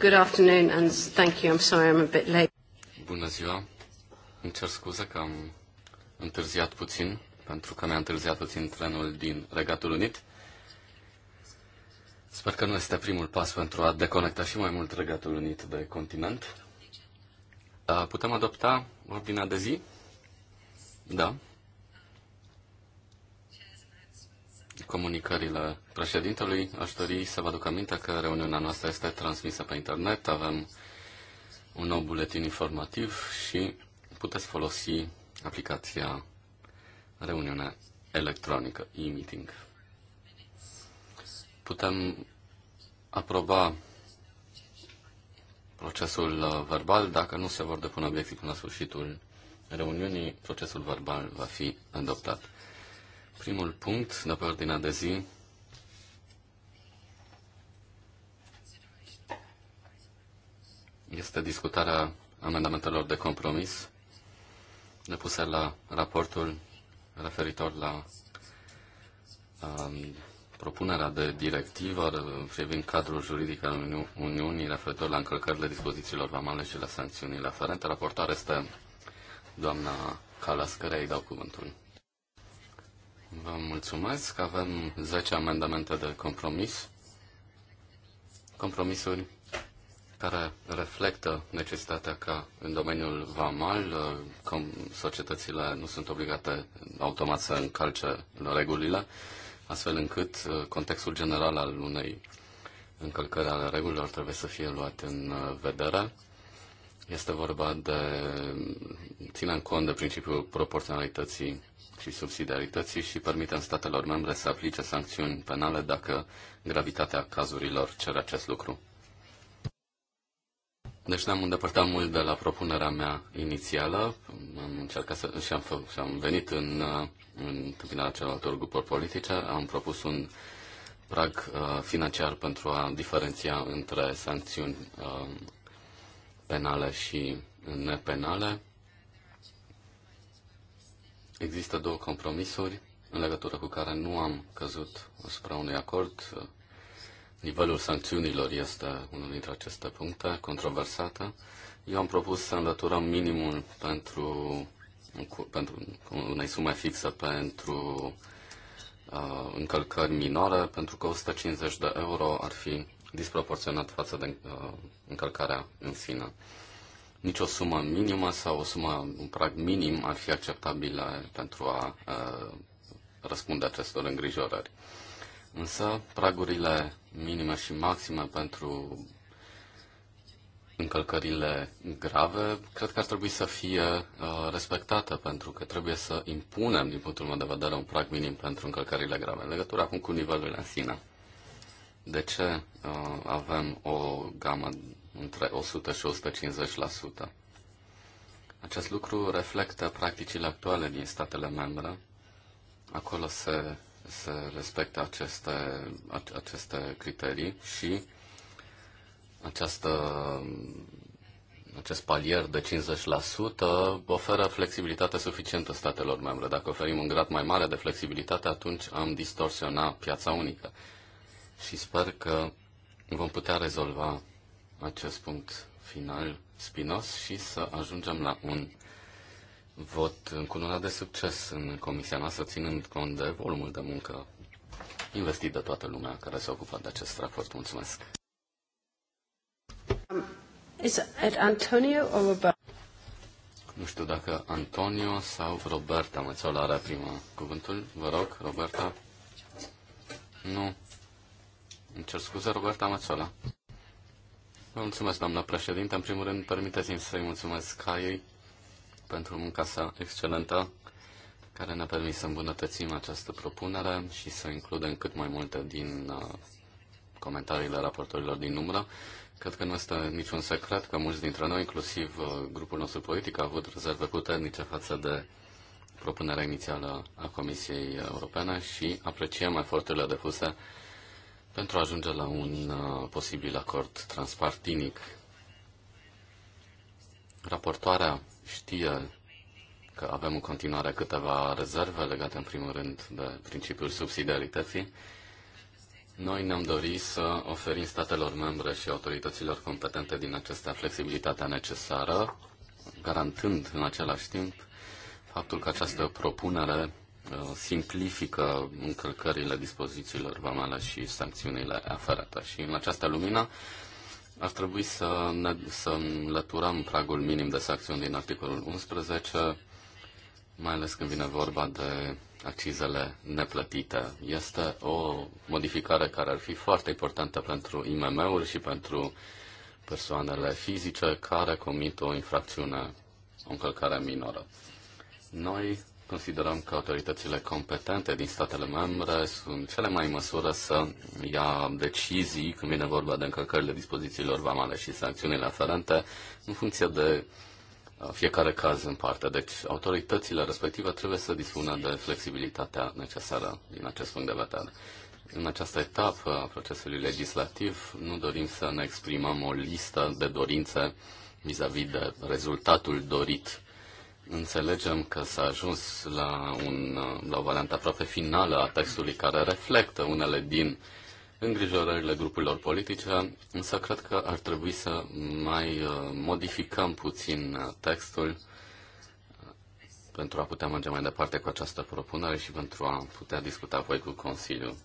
Good afternoon and thank you. I'm sorry I'm a bit late. Bună ziua. Îmi cer scuze că am întârziat puțin, pentru că mi-a întârziat puțin trenul din Regatul Unit. Sper că nu este primul pas pentru a deconecta și mai mult Regatul Unit de continent. Da, putem adopta ordinea de zi? Da. comunicările președintelui. Aș dori să vă aduc aminte că reuniunea noastră este transmisă pe internet, avem un nou buletin informativ și puteți folosi aplicația reuniunea electronică, e-meeting. Putem aproba procesul uh, verbal. Dacă nu se vor depune obiectii până la sfârșitul reuniunii, procesul verbal va fi adoptat. Primul punct de ordinea de zi este discutarea amendamentelor de compromis depuse la raportul referitor la um, propunerea de directivă privind cadrul juridic al Uni Uniunii referitor la încălcările dispozițiilor vamale și la sancțiunile aferente. Raportarea este doamna Calas, care îi dau cuvântul. Vă mulțumesc. Avem 10 amendamente de compromis. Compromisuri care reflectă necesitatea ca în domeniul vamal uh, societățile nu sunt obligate automat să încalce regulile, astfel încât uh, contextul general al unei încălcări ale regulilor trebuie să fie luat în uh, vedere. Este vorba de ține în cont de principiul proporționalității și subsidiarității și permitem statelor membre să aplice sancțiuni penale dacă gravitatea cazurilor cere acest lucru. Deci ne-am îndepărtat mult de la propunerea mea inițială. Am încercat să, și, am, și am venit în, uh, în întâmpinarea celorlalte grupuri politice. Am propus un prag uh, financiar pentru a diferenția între sancțiuni uh, penale și nepenale. Există două compromisuri în legătură cu care nu am căzut asupra unui acord. Nivelul sancțiunilor este unul dintre aceste puncte controversate. Eu am propus să înlăturăm minimul pentru, pentru unei sume fixe pentru uh, încălcări minore, pentru că 150 de euro ar fi disproporționat față de uh, încălcarea în sine nicio sumă minimă sau o sumă, un prag minim ar fi acceptabilă pentru a uh, răspunde acestor îngrijorări. Însă, pragurile minime și maxime pentru încălcările grave, cred că ar trebui să fie uh, respectate, pentru că trebuie să impunem, din punctul meu de vedere, un prag minim pentru încălcările grave, în legătură acum cu nivelurile în sine. De ce uh, avem o gamă între 100 și 150%. Acest lucru reflectă practicile actuale din statele membre. Acolo se, se respectă aceste, aceste criterii și această, acest palier de 50% oferă flexibilitate suficientă statelor membre. Dacă oferim un grad mai mare de flexibilitate, atunci am distorsiona piața unică. Și sper că vom putea rezolva acest punct final spinos și să ajungem la un vot încununat de succes în comisia noastră, ținând cont de volumul de muncă investit de toată lumea care s-a ocupat de acest raport. Mulțumesc! Um, is it Antonio or Robert? Nu știu dacă Antonio sau Roberta Mățola are prima cuvântul. Vă rog, Roberta. Nu. Îmi cer scuze, Roberta Mățola. Vă mulțumesc, doamna președinte. În primul rând, permiteți-mi să-i mulțumesc Caiei pentru munca sa excelentă, care ne-a permis să îmbunătățim această propunere și să includem cât mai multe din uh, comentariile raportorilor din umbră. Cred că nu este niciun secret că mulți dintre noi, inclusiv uh, grupul nostru politic, a avut rezerve puternice față de propunerea inițială a Comisiei Europene și apreciem eforturile depuse pentru a ajunge la un uh, posibil acord transpartinic. Raportoarea știe că avem în continuare câteva rezerve legate în primul rând de principiul subsidiarității. Noi ne-am dorit să oferim statelor membre și autorităților competente din acestea flexibilitatea necesară, garantând în același timp faptul că această propunere Uh, simplifică încălcările dispozițiilor vamale și sancțiunile aferate. Și în această lumină ar trebui să, ne, să înlăturăm pragul minim de sancțiuni din articolul 11, mai ales când vine vorba de accizele neplătite. Este o modificare care ar fi foarte importantă pentru IMM-uri și pentru persoanele fizice care comit o infracțiune, o încălcare minoră. Noi considerăm că autoritățile competente din statele membre sunt cele mai în măsură să ia decizii când vine vorba de încălcările dispozițiilor vamale și sancțiunile aferente în funcție de uh, fiecare caz în parte. Deci autoritățile respective trebuie să dispună de flexibilitatea necesară din acest punct de vedere. În această etapă a procesului legislativ nu dorim să ne exprimăm o listă de dorințe vis-a-vis -vis de rezultatul dorit Înțelegem că s-a ajuns la, un, la o variantă aproape finală a textului care reflectă unele din îngrijorările grupurilor politice, însă cred că ar trebui să mai uh, modificăm puțin uh, textul uh, pentru a putea merge mai departe cu această propunere și pentru a putea discuta voi cu Consiliul.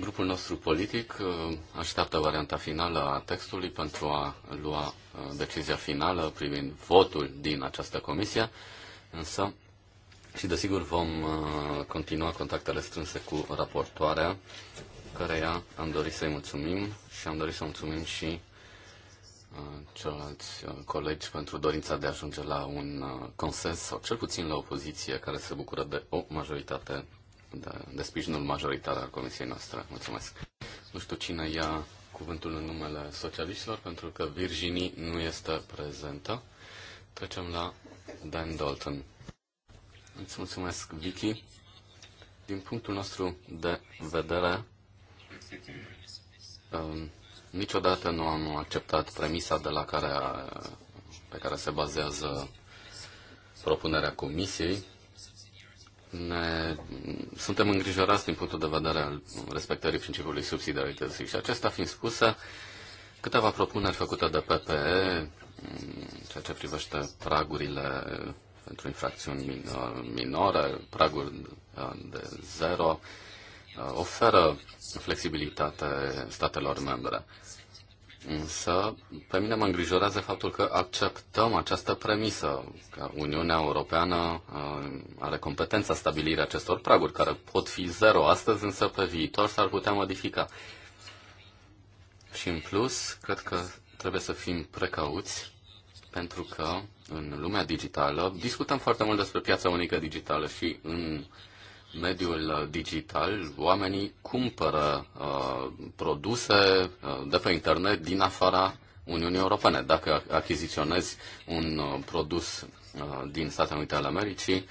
Grupul nostru politic uh, așteaptă varianta finală a textului pentru a lua uh, decizia finală privind votul din această comisie, însă și desigur vom uh, continua contactele strânse cu raportoarea, căreia am dorit să-i mulțumim și am dorit să mulțumim și celorlalți colegi pentru dorința de a ajunge la un consens sau cel puțin la o poziție care se bucură de o majoritate de, da, de sprijinul majoritar al comisiei noastre. Mulțumesc. Nu știu cine ia cuvântul în numele socialiștilor, pentru că Virginie nu este prezentă. Trecem la Dan Dalton. Îți mulțumesc, Vicky. Din punctul nostru de vedere, um, niciodată nu am acceptat premisa de la care, pe care se bazează propunerea comisiei, ne, suntem îngrijorați din punctul de vedere al respectării principiului subsidiarității. Și acesta fiind spusă, câteva propuneri făcute de PPE, ceea ce privește pragurile pentru infracțiuni minore, praguri uh, de zero, uh, oferă flexibilitate statelor membre. Însă, pe mine mă îngrijorează faptul că acceptăm această premisă, că Uniunea Europeană uh, are competența stabilirea acestor praguri, care pot fi zero astăzi, însă pe viitor s-ar putea modifica. Și în plus, cred că trebuie să fim precauți, pentru că în lumea digitală discutăm foarte mult despre piața unică digitală și în mediul digital, oamenii cumpără uh, produse uh, de pe internet din afara Uniunii Europene. Dacă achiziționezi un uh, produs uh, din Statele Unite ale Americii,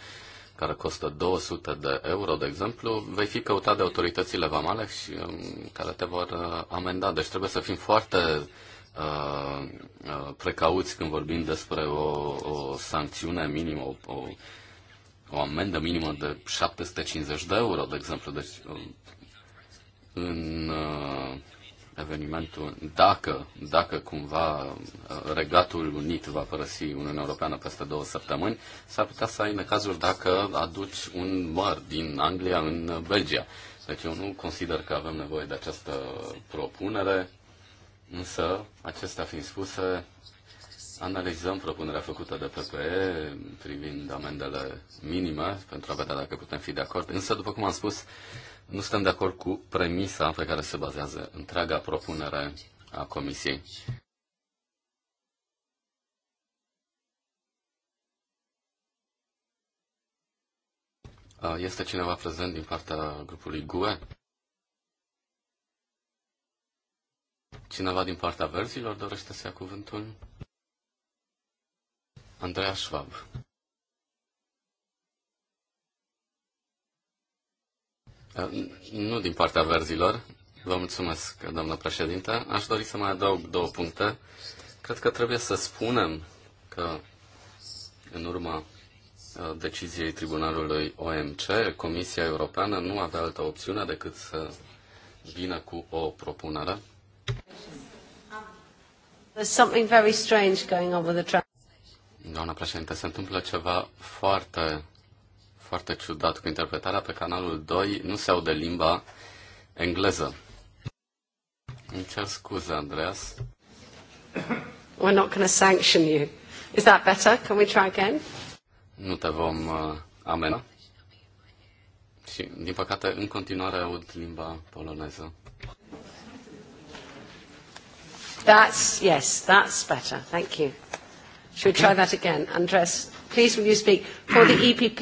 care costă 200 de euro, de exemplu, vei fi căutat de autoritățile vamale și uh, care te vor uh, amenda. Deci trebuie să fim foarte uh, uh, precauți când vorbim despre o, o sancțiune minimă, o, o o amendă minimă de 750 de euro, de exemplu. Deci, uh, în uh, evenimentul, dacă, dacă cumva uh, Regatul Unit va părăsi Uniunea Europeană peste două săptămâni, s-ar putea să ai necazuri dacă aduci un măr din Anglia în Belgia. Deci eu nu consider că avem nevoie de această propunere, însă, acestea fiind spuse, analizăm propunerea făcută de PPE privind amendele minime pentru a vedea dacă putem fi de acord. Însă, după cum am spus, nu suntem de acord cu premisa pe care se bazează întreaga propunere a Comisiei. Este cineva prezent din partea grupului GUE? Cineva din partea verzilor dorește să ia cuvântul? Andreas Schwab. Ă, nu din partea verzilor. Vă mulțumesc, doamnă președinte. Aș dori să mai adaug două puncte. Cred că trebuie să spunem că în urma ă, deciziei Tribunalului OMC, Comisia Europeană nu avea altă opțiune decât să vină cu o propunere. There's something very strange going on with the Doamna președinte, se întâmplă ceva foarte, foarte ciudat cu interpretarea pe canalul 2. Nu se aude limba engleză. Îmi cer scuze, Andreas. We're not going to sanction you. Is that better? Can we try again? Nu te vom uh, amena. Și, din păcate, în continuare aud limba poloneză. That's, yes, that's better. Thank you. Should we try that again? Andres, please will you speak for the EPP?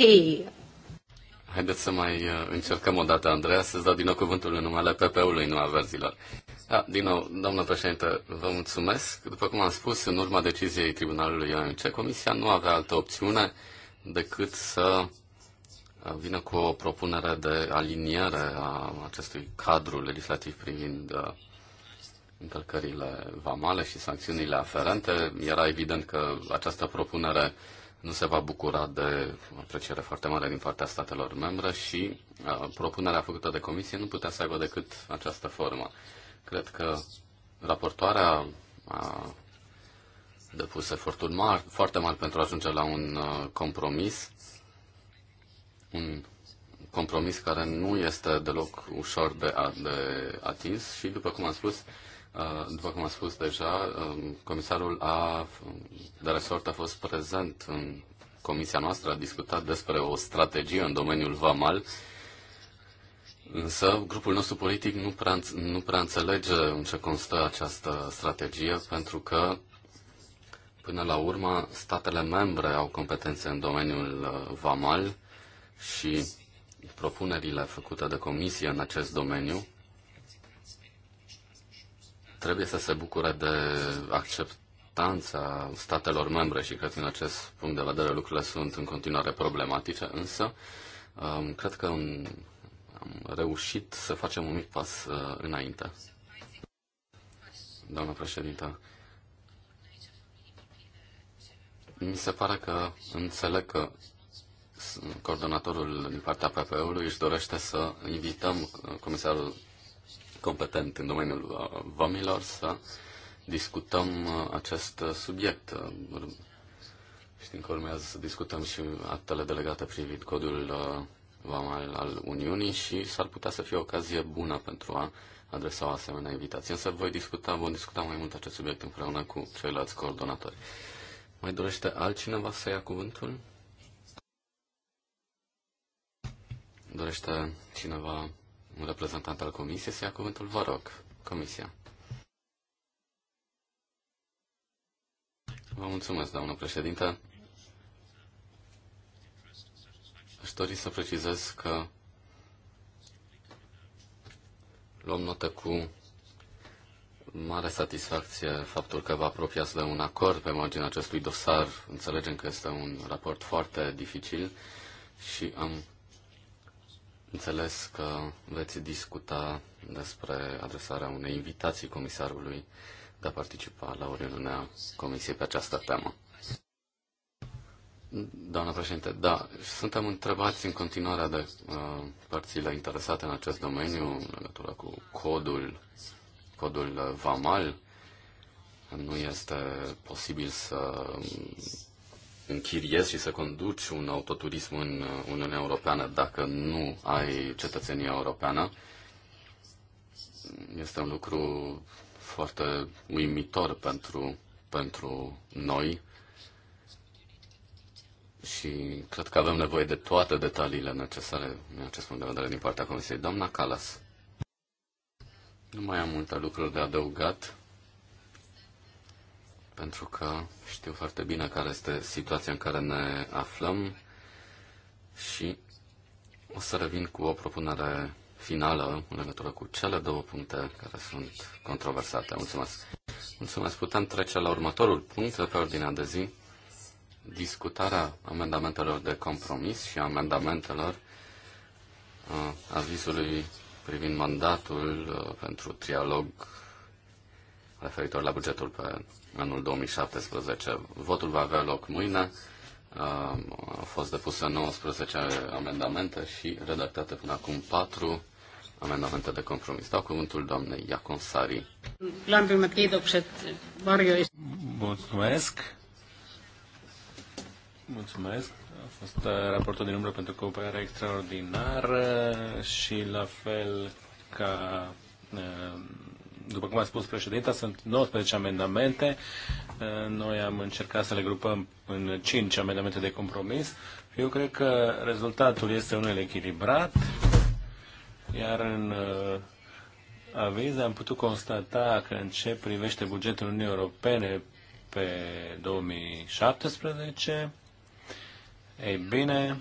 Haideți să mai uh, încercăm o dată, Andreea, să-ți dau din nou cuvântul în numele PP-ului, nu a verzilor. Da, din nou, domnul președinte, vă mulțumesc. După cum am spus, în urma deciziei Tribunalului OMC, Comisia nu avea altă opțiune decât să uh, vină cu o propunere de aliniere a acestui cadru legislativ privind uh, încălcările vamale și sancțiunile aferente. Era evident că această propunere nu se va bucura de o apreciere foarte mare din partea statelor membre și uh, propunerea făcută de comisie nu putea să aibă decât această formă. Cred că raportoarea a depus eforturi mari, foarte mari pentru a ajunge la un uh, compromis, un compromis care nu este deloc ușor de, de atins și, după cum am spus, uh, Uh, după cum a spus deja, um, comisarul a, um, de resort a fost prezent în comisia noastră, a discutat despre o strategie în domeniul VAMAL, însă grupul nostru politic nu prea, nu prea înțelege în ce constă această strategie, pentru că Până la urmă, statele membre au competențe în domeniul uh, VAMAL și propunerile făcute de comisie în acest domeniu trebuie să se bucure de acceptanța statelor membre și cred că în acest punct de vedere lucrurile sunt în continuare problematice, însă um, cred că am reușit să facem un mic pas uh, înainte. Doamna președintă, mi se pare că înțeleg că coordonatorul din partea PPE-ului își dorește să invităm uh, comisarul competent în domeniul uh, vamilor să discutăm uh, acest uh, subiect. Știm că urmează să discutăm și actele delegate privind codul vamal al Uniunii și s-ar putea să fie o ocazie bună pentru a adresa o asemenea invitație. Însă voi discuta, vom discuta mai mult acest subiect împreună cu ceilalți coordonatori. Mai dorește altcineva să ia cuvântul? Dorește cineva un reprezentant al Comisiei să ia cuvântul. Vă rog, Comisia. Vă mulțumesc, doamnă președinte. Aș dori să precizez că luăm notă cu mare satisfacție faptul că vă apropiați de un acord pe marginea acestui dosar. Înțelegem că este un raport foarte dificil și am Înțeles că veți discuta despre adresarea unei invitații comisarului de a participa la o reuniune comisiei pe această temă. Doamna președinte, da, suntem întrebați în continuare de uh, părțile interesate în acest domeniu, în legătură cu codul, codul uh, VAMAL. Nu este posibil să închiriezi și să conduci un autoturism în uh, Uniunea Europeană dacă nu ai cetățenia europeană. Este un lucru foarte uimitor pentru, pentru noi și cred că avem nevoie de toate detaliile necesare în acest punct de vedere din partea Comisiei. Doamna Calas, nu mai am multe lucruri de adăugat pentru că știu foarte bine care este situația în care ne aflăm și o să revin cu o propunere finală în legătură cu cele două puncte care sunt controversate. Mulțumesc! Mulțumesc! Putem trece la următorul punct de pe ordinea de zi, discutarea amendamentelor de compromis și amendamentelor uh, avizului privind mandatul uh, pentru trialog referitor la bugetul pe anul 2017. Votul va avea loc mâine. Au fost depuse 19 amendamente și redactate până acum 4 amendamente de compromis. Dau cuvântul doamnei Iacon Sari. Mulțumesc. Mulțumesc. A fost uh, raportul din umbră pentru cooperare extraordinară și la fel ca uh, după cum a spus președinta, sunt 19 amendamente. Uh, noi am încercat să le grupăm în 5 amendamente de compromis. Eu cred că rezultatul este unul echilibrat, iar în uh, aviz am putut constata că în ce privește bugetul Uniunii Europene pe 2017, ei bine,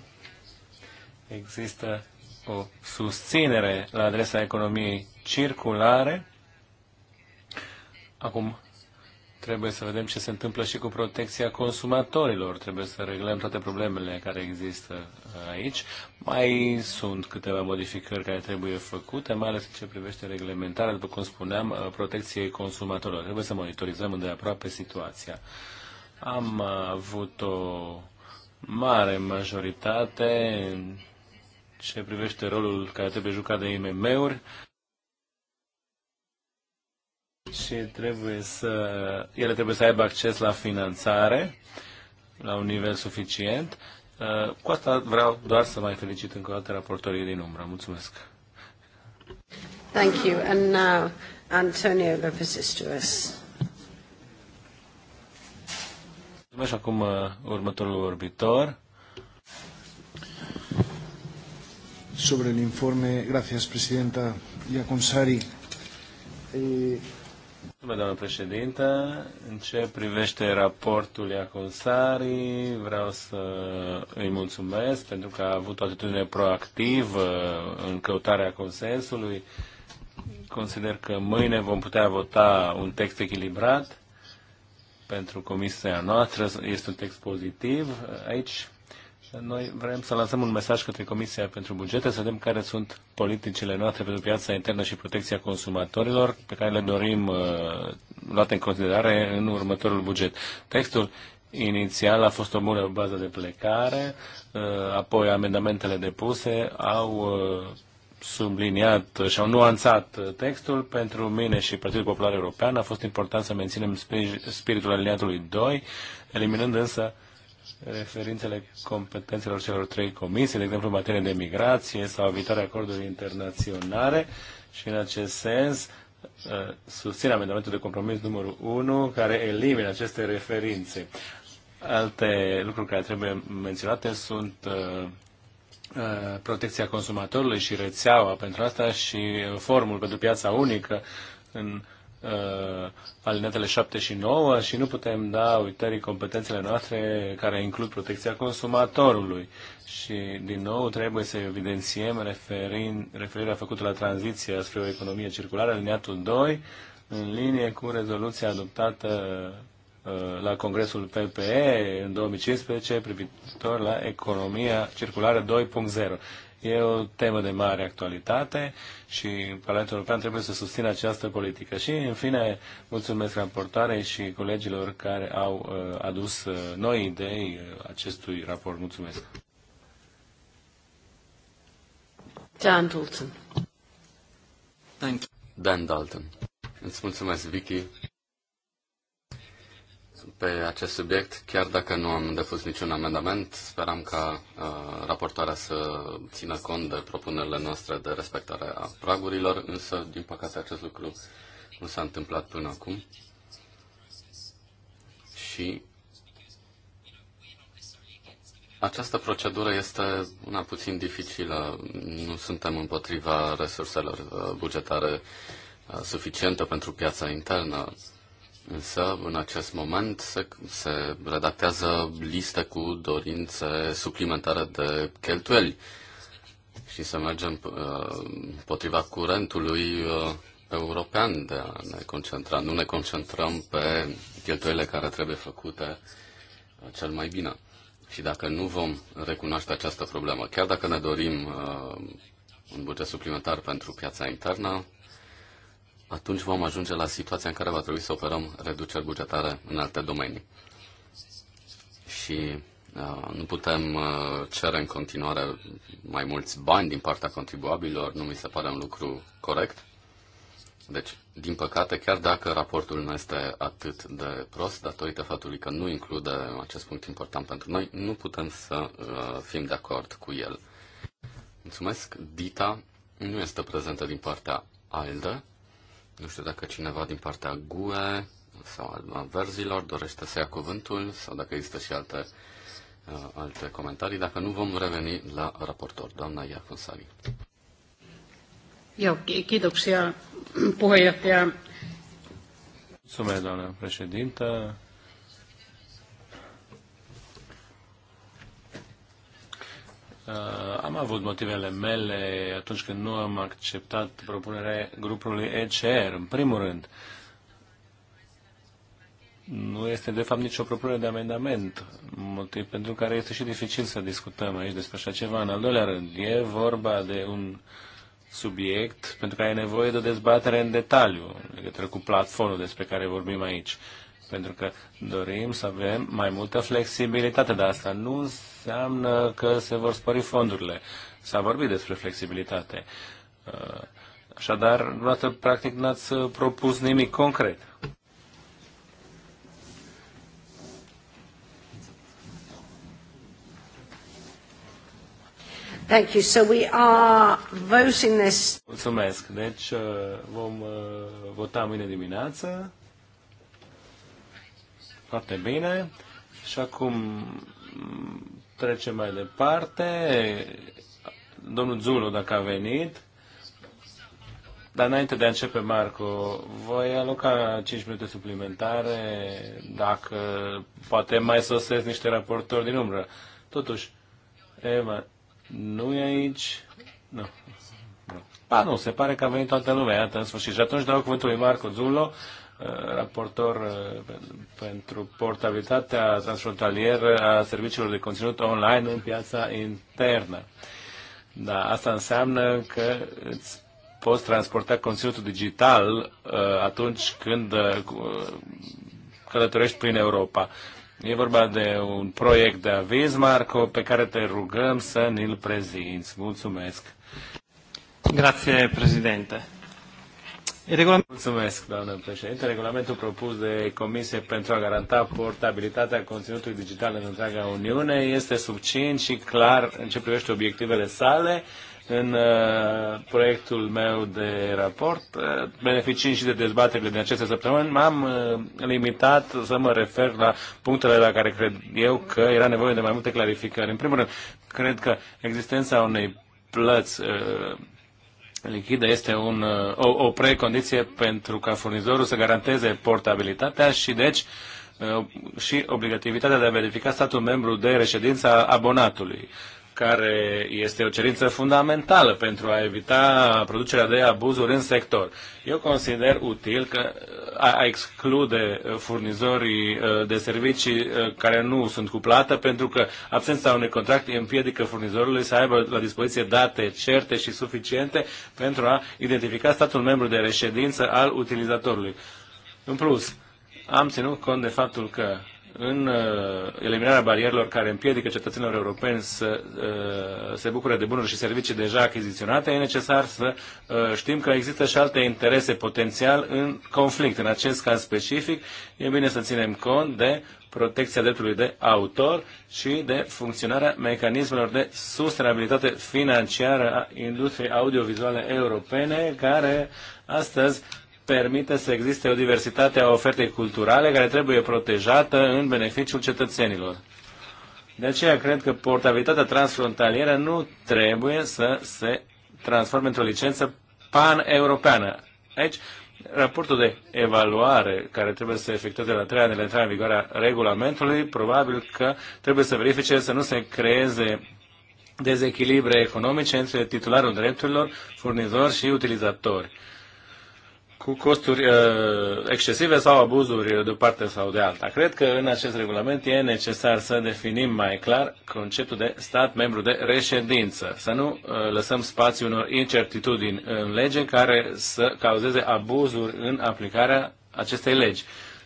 există o susținere la adresa economiei circulare Acum trebuie să vedem ce se întâmplă și cu protecția consumatorilor. Trebuie să reglăm toate problemele care există uh, aici. Mai sunt câteva modificări care trebuie făcute, mai ales în ce privește reglementarea, după cum spuneam, uh, protecției consumatorilor. Trebuie să monitorizăm îndeaproape situația. Am uh, avut o mare majoritate în ce privește rolul care trebuie jucat de IMM-uri și trebuie să, ele trebuie să aibă acces la finanțare la un nivel suficient. Uh, cu asta vreau doar să mai felicit încă o dată raportorii din umbră. Mulțumesc! Thank you. And now Antonio Lopez Isturis. Mulțumesc acum uh, următorul orbitor. Sobre el informe, gracias Presidenta Iaconsari. Eh, Mulțumesc, doamnă președintă. În ce privește raportul Sari, vreau să îi mulțumesc pentru că a avut o atitudine proactivă în căutarea consensului. Consider că mâine vom putea vota un text echilibrat pentru comisia noastră. Este un text pozitiv. Aici noi vrem să lansăm un mesaj către Comisia pentru Bugete, să vedem care sunt politicile noastre pentru piața internă și protecția consumatorilor, pe care le dorim uh, luate în considerare în următorul buget. Textul inițial a fost o bună bază de plecare, uh, apoi amendamentele depuse au uh, subliniat și au nuanțat uh, textul. Pentru mine și Partidul Popular European a fost important să menținem spiritul aliniatului 2, eliminând însă uh, referințele competențelor celor trei comisii, de exemplu în materie de migrație sau viitoare acorduri internaționale și în acest sens uh, susțin amendamentul de compromis numărul 1 care elimină aceste referințe. Alte lucruri care trebuie menționate sunt uh, uh, protecția consumatorului și rețeaua pentru asta și formul pentru piața unică în uh, alinetele 7 și 9 și nu putem da uitării competențele noastre care includ protecția consumatorului. Și, din nou, trebuie să evidențiem referin, referirea făcută la tranziția spre o economie circulară, alineatul 2, în linie cu rezoluția adoptată uh, la Congresul PPE în 2015 privitor la economia circulară 2.0. E o temă de mare actualitate și Parlamentul European trebuie să susțină această politică. Și, în fine, mulțumesc raportoarei și colegilor care au uh, adus uh, noi idei uh, acestui raport. Mulțumesc! Dan Dalton. Thank you. Dan Dalton. Îți mulțumesc, Vicky pe acest subiect, chiar dacă nu am depus niciun amendament. Speram ca uh, raportoarea să țină cont de propunerile noastre de respectare a pragurilor, însă, din păcate, acest lucru nu s-a întâmplat până acum. Și această procedură este una puțin dificilă. Nu suntem împotriva resurselor uh, bugetare uh, suficiente pentru piața internă Însă, în acest moment, se, se redactează liste cu dorințe suplimentare de cheltuieli și să mergem uh, împotriva curentului uh, european de a ne concentra. Nu ne concentrăm pe cheltuielile care trebuie făcute uh, cel mai bine. Și dacă nu vom recunoaște această problemă, chiar dacă ne dorim un buget suplimentar pentru piața internă, atunci vom ajunge la situația în care va trebui să operăm reduceri bugetare în alte domenii. Și uh, nu putem uh, cere în continuare mai mulți bani din partea contribuabililor, nu mi se pare un lucru corect. Deci, din păcate, chiar dacă raportul nu este atât de prost, datorită faptului că nu include acest punct important pentru noi, nu putem să uh, fim de acord cu el. Mulțumesc. Dita nu este prezentă din partea ALDE. Nu știu dacă cineva din partea GUE sau a verzilor dorește să ia cuvântul sau dacă există și alte, uh, alte comentarii. Dacă nu, vom reveni la raportor. Doamna Iacunsari. Eu, kiitoksia puheenjohtaja. Mulțumesc, doamna președintă. Uh, am avut motivele mele atunci când nu am acceptat propunerea grupului ECR, în primul rând. Nu este, de fapt, nicio propunere de amendament, motiv pentru care este și dificil să discutăm aici despre așa ceva. În al doilea rând, e vorba de un subiect pentru care e nevoie de o dezbatere în detaliu, în legătură cu platformul despre care vorbim aici pentru că dorim să avem mai multă flexibilitate, dar asta nu înseamnă că se vor spări fondurile. S-a vorbit despre flexibilitate. Uh, așadar, dumneavoastră, practic, n-ați propus nimic concret. Thank you. So we are voting this. Mulțumesc. Deci uh, vom uh, vota mâine dimineață. Foarte bine. Și acum trecem mai departe. Domnul Zulu, dacă a venit. Dar înainte de a începe, Marco, voi aloca 5 minute suplimentare dacă poate mai sosez niște raportori din umbră. Totuși, Eva, nu e aici? Nu. Ba nu, se pare că a venit toată lumea, iată, în sfârșit. Și atunci dau cuvântul lui Marco Zullo raportor uh, pentru portabilitatea transfrontalieră a serviciilor de conținut online în piața internă. Da, asta înseamnă că îți poți transporta conținutul digital uh, atunci când uh, călătorești prin Europa. E vorba de un proiect de aviz, Marco, pe care te rugăm să ne-l prezinți. Mulțumesc! Grazie, Presidente. Regulament... Mulțumesc, doamnă președinte. Regulamentul propus de Comisie pentru a garanta portabilitatea conținutului digital în întreaga Uniune este subțin și clar în ce privește obiectivele sale în uh, proiectul meu de raport, uh, beneficiind și de dezbaterile din aceste săptămâni, m-am uh, limitat să mă refer la punctele la care cred eu că era nevoie de mai multe clarificări. În primul rând, cred că existența unei plăți uh, lichidă este un, uh, o, o precondiție pentru ca furnizorul să garanteze portabilitatea și deci uh, și obligativitatea de a verifica statul membru de reședință a abonatului care este o cerință fundamentală pentru a evita producerea de abuzuri în sector. Eu consider util că a exclude furnizorii uh, de servicii uh, care nu sunt cu plată, pentru că absența unui contract împiedică furnizorului să aibă la dispoziție date certe și suficiente pentru a identifica statul membru de reședință al utilizatorului. În plus, am ținut cont de faptul că în uh, eliminarea barierelor care împiedică cetățenilor europeni să uh, se bucure de bunuri și servicii deja achiziționate, e necesar să uh, știm că există și alte interese potențial în conflict. În acest caz specific, e bine să ținem cont de protecția dreptului de autor și de funcționarea mecanismelor de sustenabilitate financiară a industriei audiovizuale europene, care astăzi permite să existe o diversitate a ofertei culturale care trebuie protejată în beneficiul cetățenilor. De aceea cred că portabilitatea transfrontalieră nu trebuie să se transforme într-o licență pan-europeană. Aici, raportul de evaluare care trebuie să se efectueze la trei ani de la intrarea în vigoare a regulamentului, probabil că trebuie să verifice să nu se creeze dezechilibre economice între titularul drepturilor, furnizori și utilizatori cu costuri uh, excesive sau abuzuri de o parte sau de alta. Cred că în acest regulament e necesar să definim mai clar conceptul de stat membru de reședință, să nu uh, lăsăm spațiu unor incertitudini în lege care să cauzeze abuzuri în aplicarea acestei legi.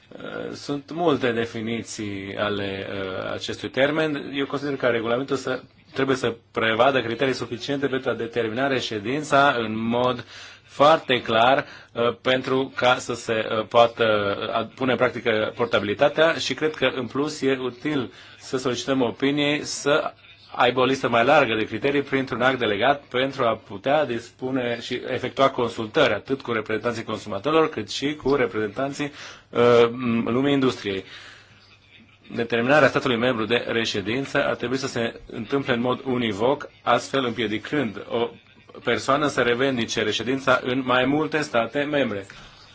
Uh, sunt multe definiții ale uh, acestui termen. Eu consider că regulamentul să, trebuie să prevadă criterii suficiente pentru a determina reședința în mod foarte clar uh, pentru ca să se uh, poată uh, pune în practică portabilitatea și cred că în plus e util să solicităm opiniei să aibă o listă mai largă de criterii printr-un act delegat pentru a putea dispune și efectua consultări atât cu reprezentanții consumatorilor cât și cu reprezentanții uh, lumii industriei. Determinarea statului membru de reședință ar trebui să se întâmple în mod univoc, astfel împiedicând o persoană să revendice reședința în mai multe state membre.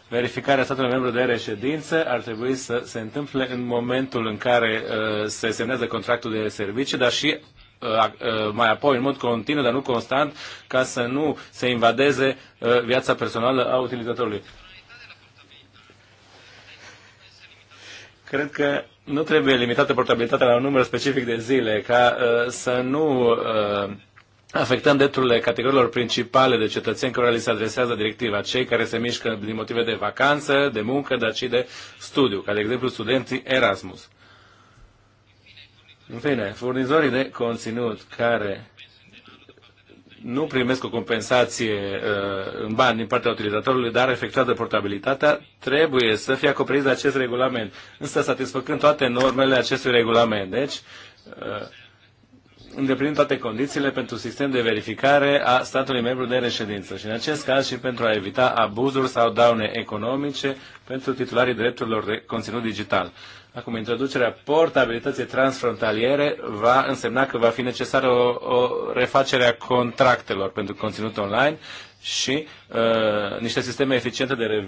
Verificarea statului membru de reședință ar trebui să se întâmple în momentul în care uh, se semnează contractul de servicii, dar și uh, uh, mai apoi în mod continuu, dar nu constant, ca să nu se invadeze uh, viața personală a utilizatorului. Cred că nu trebuie limitată portabilitatea la un număr specific de zile, ca să nu Afectând drepturile categoriilor principale de cetățeni care li se adresează directiva, cei care se mișcă din motive de vacanță, de muncă, dar și de studiu, ca de exemplu studenții Erasmus. În fine, furnizorii de conținut care nu primesc o compensație uh, în bani din partea utilizatorului, dar efectuată portabilitatea, trebuie să fie acoperiți de acest regulament. Însă satisfăcând toate normele acestui regulament. Deci, uh, îndeplinind toate condițiile pentru sistem de verificare a statului membru de reședință și în acest caz și pentru a evita abuzuri sau daune economice pentru titularii drepturilor de conținut digital. Acum, introducerea portabilității transfrontaliere va însemna că va fi necesară o, o refacere a contractelor pentru conținut online și uh, niște sisteme eficiente de,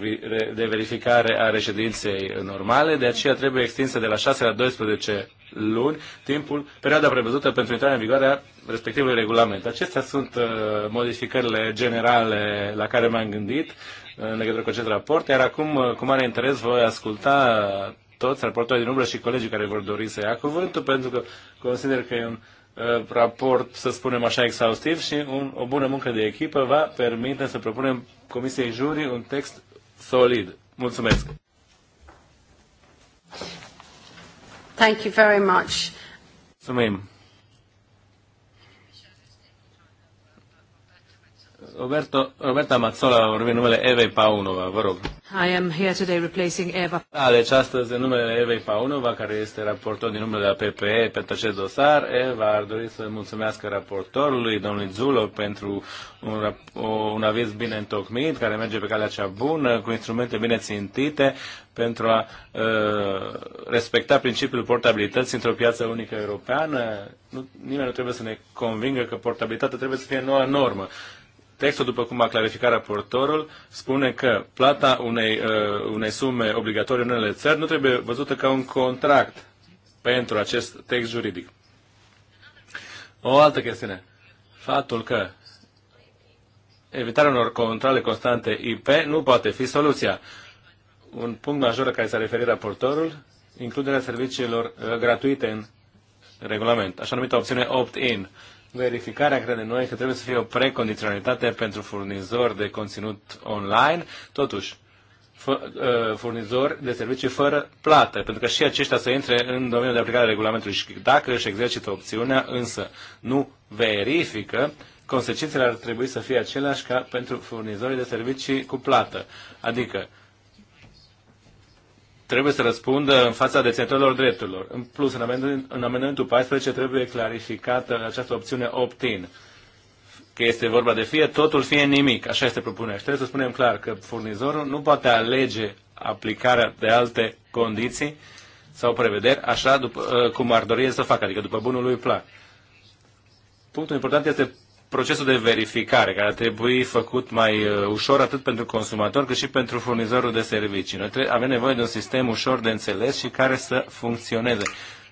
de verificare a reședinței normale, de aceea trebuie extinsă de la 6 la 12 luni timpul, perioada prevăzută pentru intrarea în vigoare a respectivului regulament. Acestea sunt uh, modificările generale la care m-am gândit uh, în legătură cu acest raport, iar acum, uh, cu mare interes, voi asculta toți raportorii din umbră și colegii care vor dori să ia cuvântul, pentru că consider că e un uh, raport, să spunem așa, exhaustiv și un, o bună muncă de echipă va permite să propunem Comisiei Jurii un text solid. Mulțumesc! Thank you very much. Mulțumim. Roberto, Roberta Mazzola va vorbi numele Evei Paunova, vă rog. I am here today replacing Eva. Da, deci astăzi în numele Evei Paunova, care este raportor din numele de la PPE pentru acest dosar, Eva ar dori să mulțumească raportorului, domnului Zulo, pentru un, un aviz bine întocmit, care merge pe calea cea bună, cu instrumente bine țintite, pentru a uh, respecta principiul portabilității într-o piață unică europeană. Nu, nimeni nu trebuie să ne convingă că portabilitatea trebuie să fie noua normă. Textul, după cum a clarificat raportorul, spune că plata unei, uh, unei sume obligatorii în unele țări nu trebuie văzută ca un contract pentru acest text juridic. O altă chestiune. Faptul că evitarea unor controle constante IP nu poate fi soluția. Un punct major la care s-a referit raportorul, includerea serviciilor uh, gratuite în regulament, așa numită opțiune opt-in. Uh, verificarea crede noi că trebuie să fie o precondiționalitate pentru furnizori de conținut online, totuși uh, furnizori de servicii fără plată, pentru că și aceștia să intre în domeniul de aplicare a regulamentului și dacă își exercită opțiunea, însă nu verifică, consecințele ar trebui să fie aceleași ca pentru furnizorii de servicii cu plată. Adică trebuie să răspundă în fața deținătorilor drepturilor. În plus, în amendamentul, în amendamentul 14 trebuie clarificată această opțiune opt-in, că este vorba de fie totul, fie nimic. Așa este propunerea. Și trebuie să spunem clar că furnizorul nu poate alege aplicarea de alte condiții sau prevederi, așa după, uh, cum ar dori să facă, adică după bunul lui plac. Punctul important este procesul de verificare, care ar trebui făcut mai uh, ușor atât pentru consumator cât și pentru furnizorul de servicii. Noi trebuie, avem nevoie de un sistem ușor de înțeles și care să funcționeze.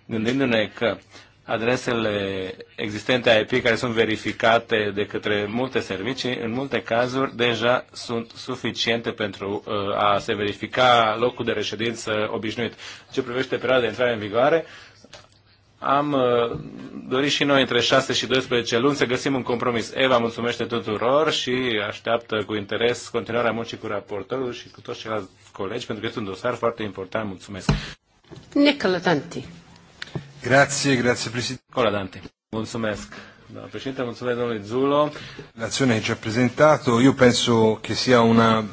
Gândindu-ne că adresele existente IP care sunt verificate de către multe servicii, în multe cazuri deja sunt suficiente pentru uh, a se verifica locul de reședință obișnuit. Ce privește perioada de intrare în vigoare, uh, am uh, dorit și noi între 6 și 12 luni să găsim un compromis. Eva mulțumește tuturor și așteaptă cu interes continuarea muncii cu raportorul și cu toți ceilalți colegi, pentru că este un dosar foarte important. Mulțumesc! Nicola Danti. Grazie, grazie Presidente. Nicola Danti. Mulțumesc. Doamna Președinte, mulțumesc domnului Zulo. L'azione che ci ha presentato, io penso che sia una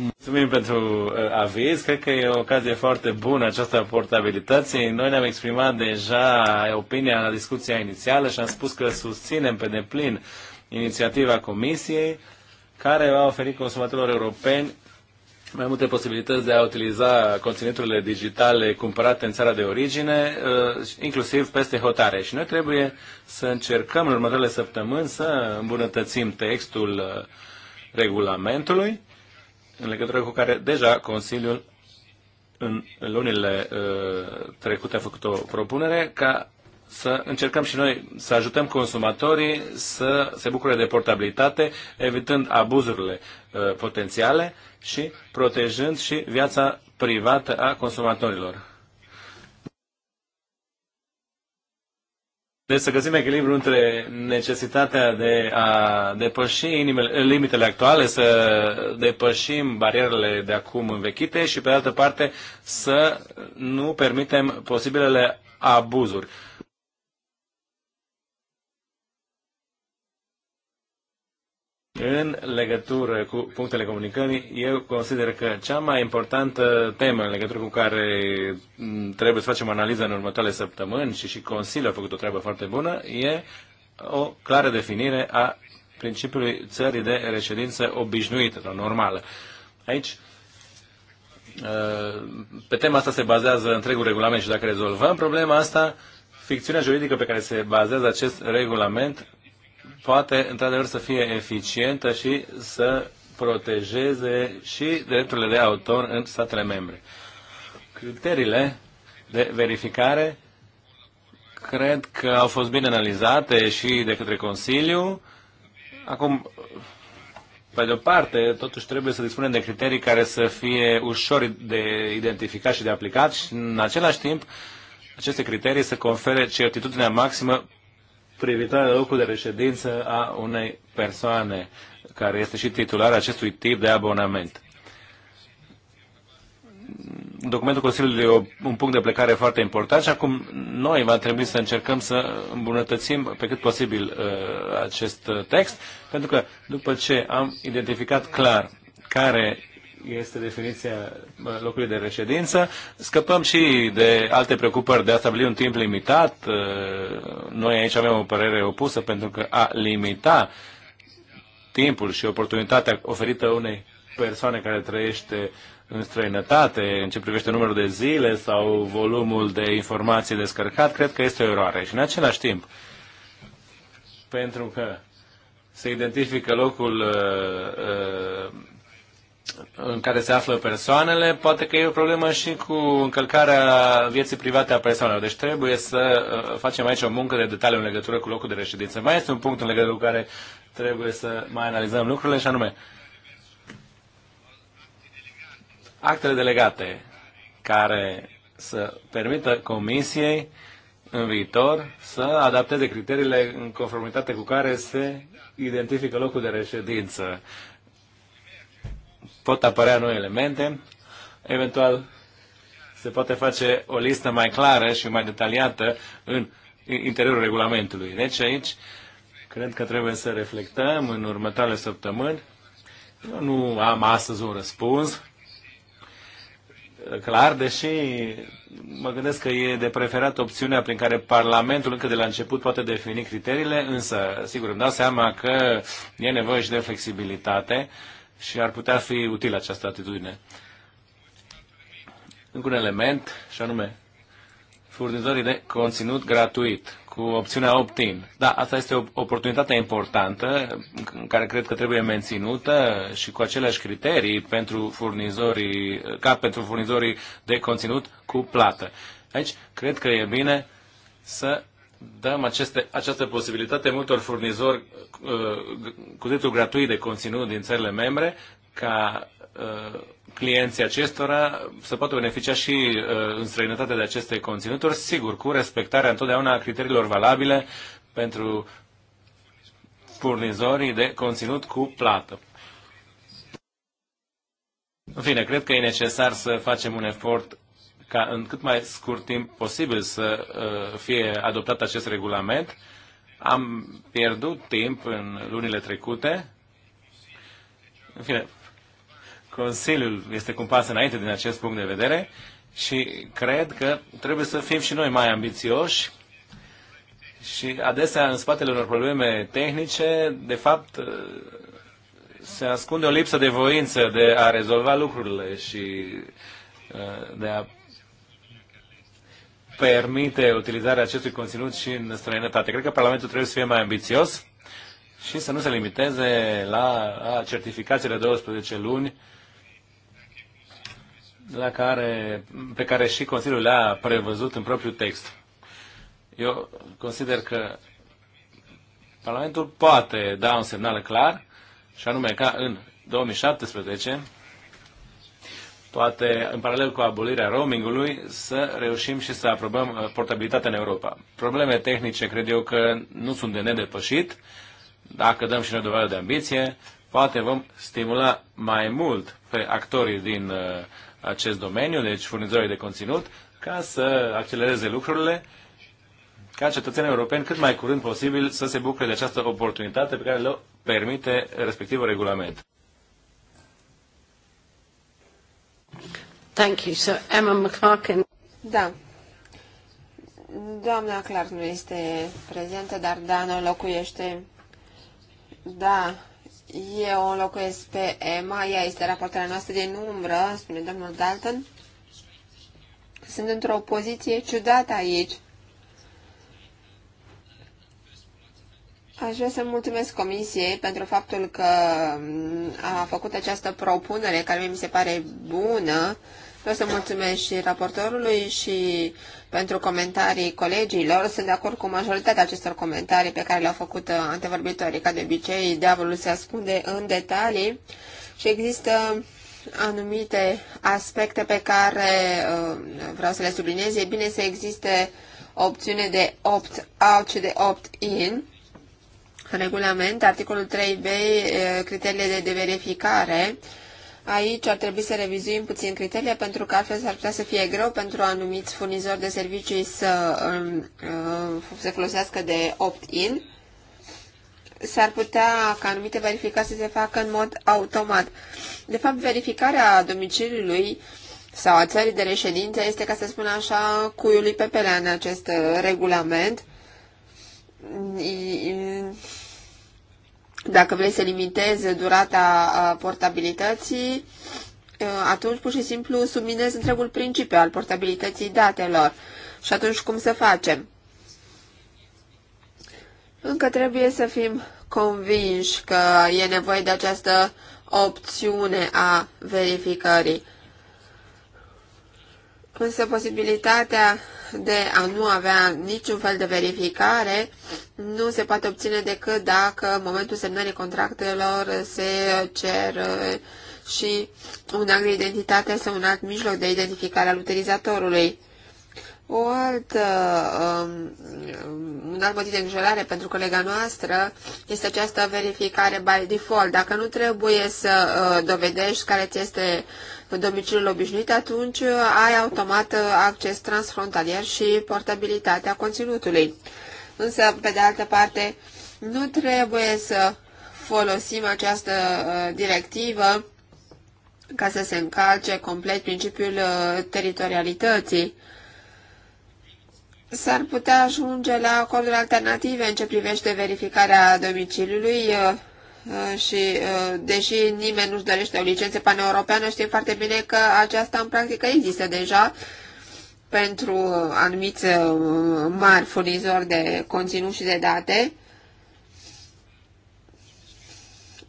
Mulțumim pentru uh, aviz. Cred că e o ocazie foarte bună această portabilitate. Noi ne-am exprimat deja opinia la discuția inițială și am spus că susținem pe deplin inițiativa Comisiei care va oferi consumatorilor europeni mai multe posibilități de a utiliza conținuturile digitale cumpărate în țara de origine, uh, inclusiv peste hotare. Și noi trebuie să încercăm în următoarele săptămâni să îmbunătățim textul uh, regulamentului în legătură cu care deja Consiliul în lunile uh, trecute a făcut o propunere ca să încercăm și noi să ajutăm consumatorii să se bucure de portabilitate, evitând abuzurile uh, potențiale și protejând și viața privată a consumatorilor. Deci să găsim echilibru între necesitatea de a depăși inimele, limitele actuale, să depășim barierele de acum învechite și, pe de altă parte, să nu permitem posibilele abuzuri. În legătură cu punctele comunicării, eu consider că cea mai importantă temă în legătură cu care mm, trebuie să facem analiza în următoarele săptămâni și și Consiliul a făcut o treabă foarte bună, e o clară definire a principiului țării de reședință obișnuită sau normală. Aici, ă, pe tema asta se bazează întregul regulament și dacă rezolvăm problema asta, ficțiunea juridică pe care se bazează acest regulament poate într-adevăr să fie eficientă și să protejeze și drepturile de autor în statele membre. Criteriile de verificare cred că au fost bine analizate și de către Consiliu. Acum, pe de-o parte, totuși trebuie să dispunem de criterii care să fie ușor de identificat și de aplicat și, în același timp, aceste criterii să confere certitudinea maximă privitoare la locul de reședință a unei persoane care este și titular acestui tip de abonament. Documentul Consiliului e un punct de plecare foarte important și acum noi va trebui să încercăm să îmbunătățim pe cât posibil uh, acest text, pentru că după ce am identificat clar care este definiția locului de reședință. Scăpăm și de alte preocupări de a stabili un timp limitat. Uh, noi aici avem o părere opusă pentru că a limita timpul și oportunitatea oferită unei persoane care trăiește în străinătate, în ce privește numărul de zile sau volumul de informații descărcat, cred că este o eroare. Și în același timp, pentru că se identifică locul uh, uh, în care se află persoanele, poate că e o problemă și cu încălcarea vieții private a persoanelor. Deci trebuie să uh, facem aici o muncă de detaliu în legătură cu locul de reședință. Mai este un punct în legătură cu care trebuie să mai analizăm lucrurile și anume actele delegate care să permită Comisiei în viitor să adapteze criteriile în conformitate cu care se identifică locul de reședință pot apărea noi elemente, eventual se poate face o listă mai clară și mai detaliată în interiorul regulamentului. Deci aici cred că trebuie să reflectăm în următoarele săptămâni. Eu nu am astăzi un răspuns clar, deși mă gândesc că e de preferat opțiunea prin care Parlamentul încă de la început poate defini criteriile, însă, sigur, îmi dau seama că e nevoie și de flexibilitate și ar putea fi utilă această atitudine. Încă un element, și anume furnizorii de conținut gratuit cu opțiunea opt-in. Da, asta este o oportunitate importantă care cred că trebuie menținută și cu aceleași criterii pentru furnizorii, ca pentru furnizorii de conținut cu plată. Aici cred că e bine să dăm aceste, această posibilitate multor furnizori uh, cu titlu gratuit de conținut din țările membre ca uh, clienții acestora să poată beneficia și uh, în străinătate de aceste conținuturi, sigur, cu respectarea întotdeauna a criteriilor valabile pentru furnizorii de conținut cu plată. În fine, cred că e necesar să facem un efort ca în cât mai scurt timp posibil să uh, fie adoptat acest regulament. Am pierdut timp în lunile trecute. În fine, Consiliul este cu pas înainte din acest punct de vedere și cred că trebuie să fim și noi mai ambițioși și adesea în spatele unor probleme tehnice, de fapt, uh, se ascunde o lipsă de voință de a rezolva lucrurile și uh, de a permite utilizarea acestui conținut și în străinătate. Cred că Parlamentul trebuie să fie mai ambițios și să nu se limiteze la, la certificațiile 12 luni la care, pe care și Consiliul le-a prevăzut în propriul text. Eu consider că Parlamentul poate da un semnal clar, și anume ca în 2017 poate în paralel cu abolirea roamingului, să reușim și să aprobăm uh, portabilitatea în Europa. Probleme tehnice cred eu că nu sunt de nedepășit. Dacă dăm și noi dovadă de ambiție, poate vom stimula mai mult pe actorii din uh, acest domeniu, deci furnizorii de conținut, ca să accelereze lucrurile, ca cetățenii europeni cât mai curând posibil să se bucure de această oportunitate pe care le permite respectivul regulament. Da. Doamna Clark nu este prezentă, dar Dana locuiește. Da, eu o înlocuiesc pe Emma, ea este raportarea noastră din umbră, spune domnul Dalton. Sunt într-o poziție ciudată aici. Aș vrea să mulțumesc Comisiei pentru faptul că mm, a făcut această propunere care mi se pare bună Vreau să mulțumesc și raportorului și pentru comentarii colegilor. Sunt de acord cu majoritatea acestor comentarii pe care le-au făcut uh, antevorbitorii. Ca de obicei, diavolul se ascunde în detalii și există anumite aspecte pe care uh, vreau să le subliniez. E bine să existe opțiune de opt-out și de opt-in. În regulament, articolul 3b, uh, criteriile de verificare, Aici ar trebui să revizuim puțin criteriile pentru că altfel s-ar putea să fie greu pentru anumiți furnizori de servicii să um, uh, se folosească de opt-in. S-ar putea ca anumite verificări să se facă în mod automat. De fapt, verificarea domiciliului sau a țării de reședință este, ca să spun așa, cuiului pe pelea în acest regulament dacă vrei să limitezi durata portabilității, atunci pur și simplu subminezi întregul principiu al portabilității datelor. Și atunci cum să facem? Încă trebuie să fim convinși că e nevoie de această opțiune a verificării. Însă posibilitatea de a nu avea niciun fel de verificare nu se poate obține decât dacă în momentul semnării contractelor se cer uh, și un act de identitate sau un alt mijloc de identificare al utilizatorului. O altă, um, un alt motiv de îngrijorare pentru colega noastră este această verificare by default. Dacă nu trebuie să uh, dovedești care ți este domiciliul obișnuit, atunci uh, ai automat uh, acces transfrontalier și portabilitatea conținutului. Însă, pe de altă parte, nu trebuie să folosim această directivă ca să se încalce complet principiul teritorialității s-ar putea ajunge la acorduri alternative în ce privește verificarea domiciliului uh, uh, și uh, deși nimeni nu-și dorește o licență paneuropeană, știm foarte bine că aceasta în practică există deja pentru anumiți mari furnizori de conținut și de date.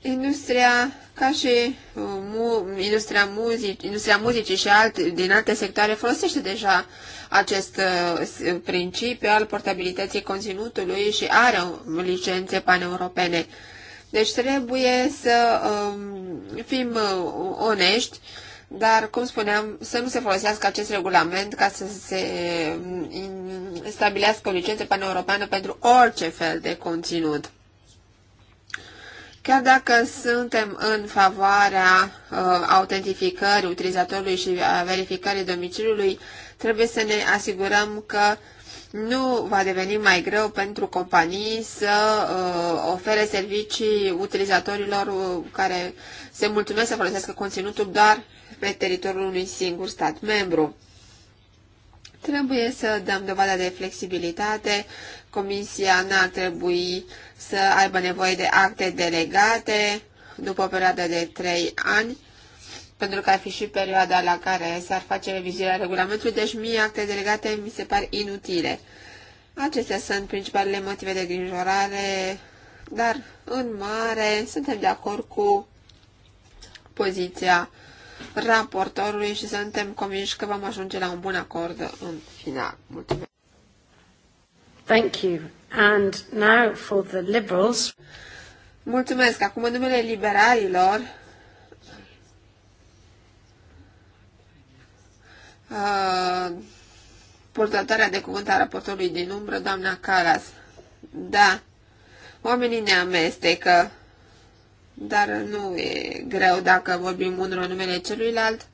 Industria ca și uh, mu- industria, muzic- industria muzicii și alt, din alte sectoare folosește deja acest uh, principiu al portabilității conținutului și are licențe paneuropene. Deci trebuie să uh, fim uh, onești, dar, cum spuneam, să nu se folosească acest regulament ca să se uh, stabilească o licență paneuropeană pentru orice fel de conținut. Chiar dacă suntem în favoarea uh, autentificării utilizatorului și a verificării domiciliului, trebuie să ne asigurăm că nu va deveni mai greu pentru companii să uh, ofere servicii utilizatorilor uh, care se mulțumesc să folosească conținutul doar pe teritoriul unui singur stat membru. Trebuie să dăm dovada de flexibilitate Comisia n-ar trebui să aibă nevoie de acte delegate după o perioadă de trei ani, pentru că ar fi și perioada la care s-ar face revizuirea regulamentului, deci mie acte delegate mi se par inutile. Acestea sunt principalele motive de grijorare, dar în mare suntem de acord cu poziția raportorului și suntem convinși că vom ajunge la un bun acord în final. Mulțumesc! Thank you. And now for the liberals. Mulțumesc. Acum în numele liberalilor. Uh, purtătoarea de cuvânt a raportului din umbră, doamna Calas. Da, oamenii ne amestecă, dar nu e greu dacă vorbim unul în numele celuilalt.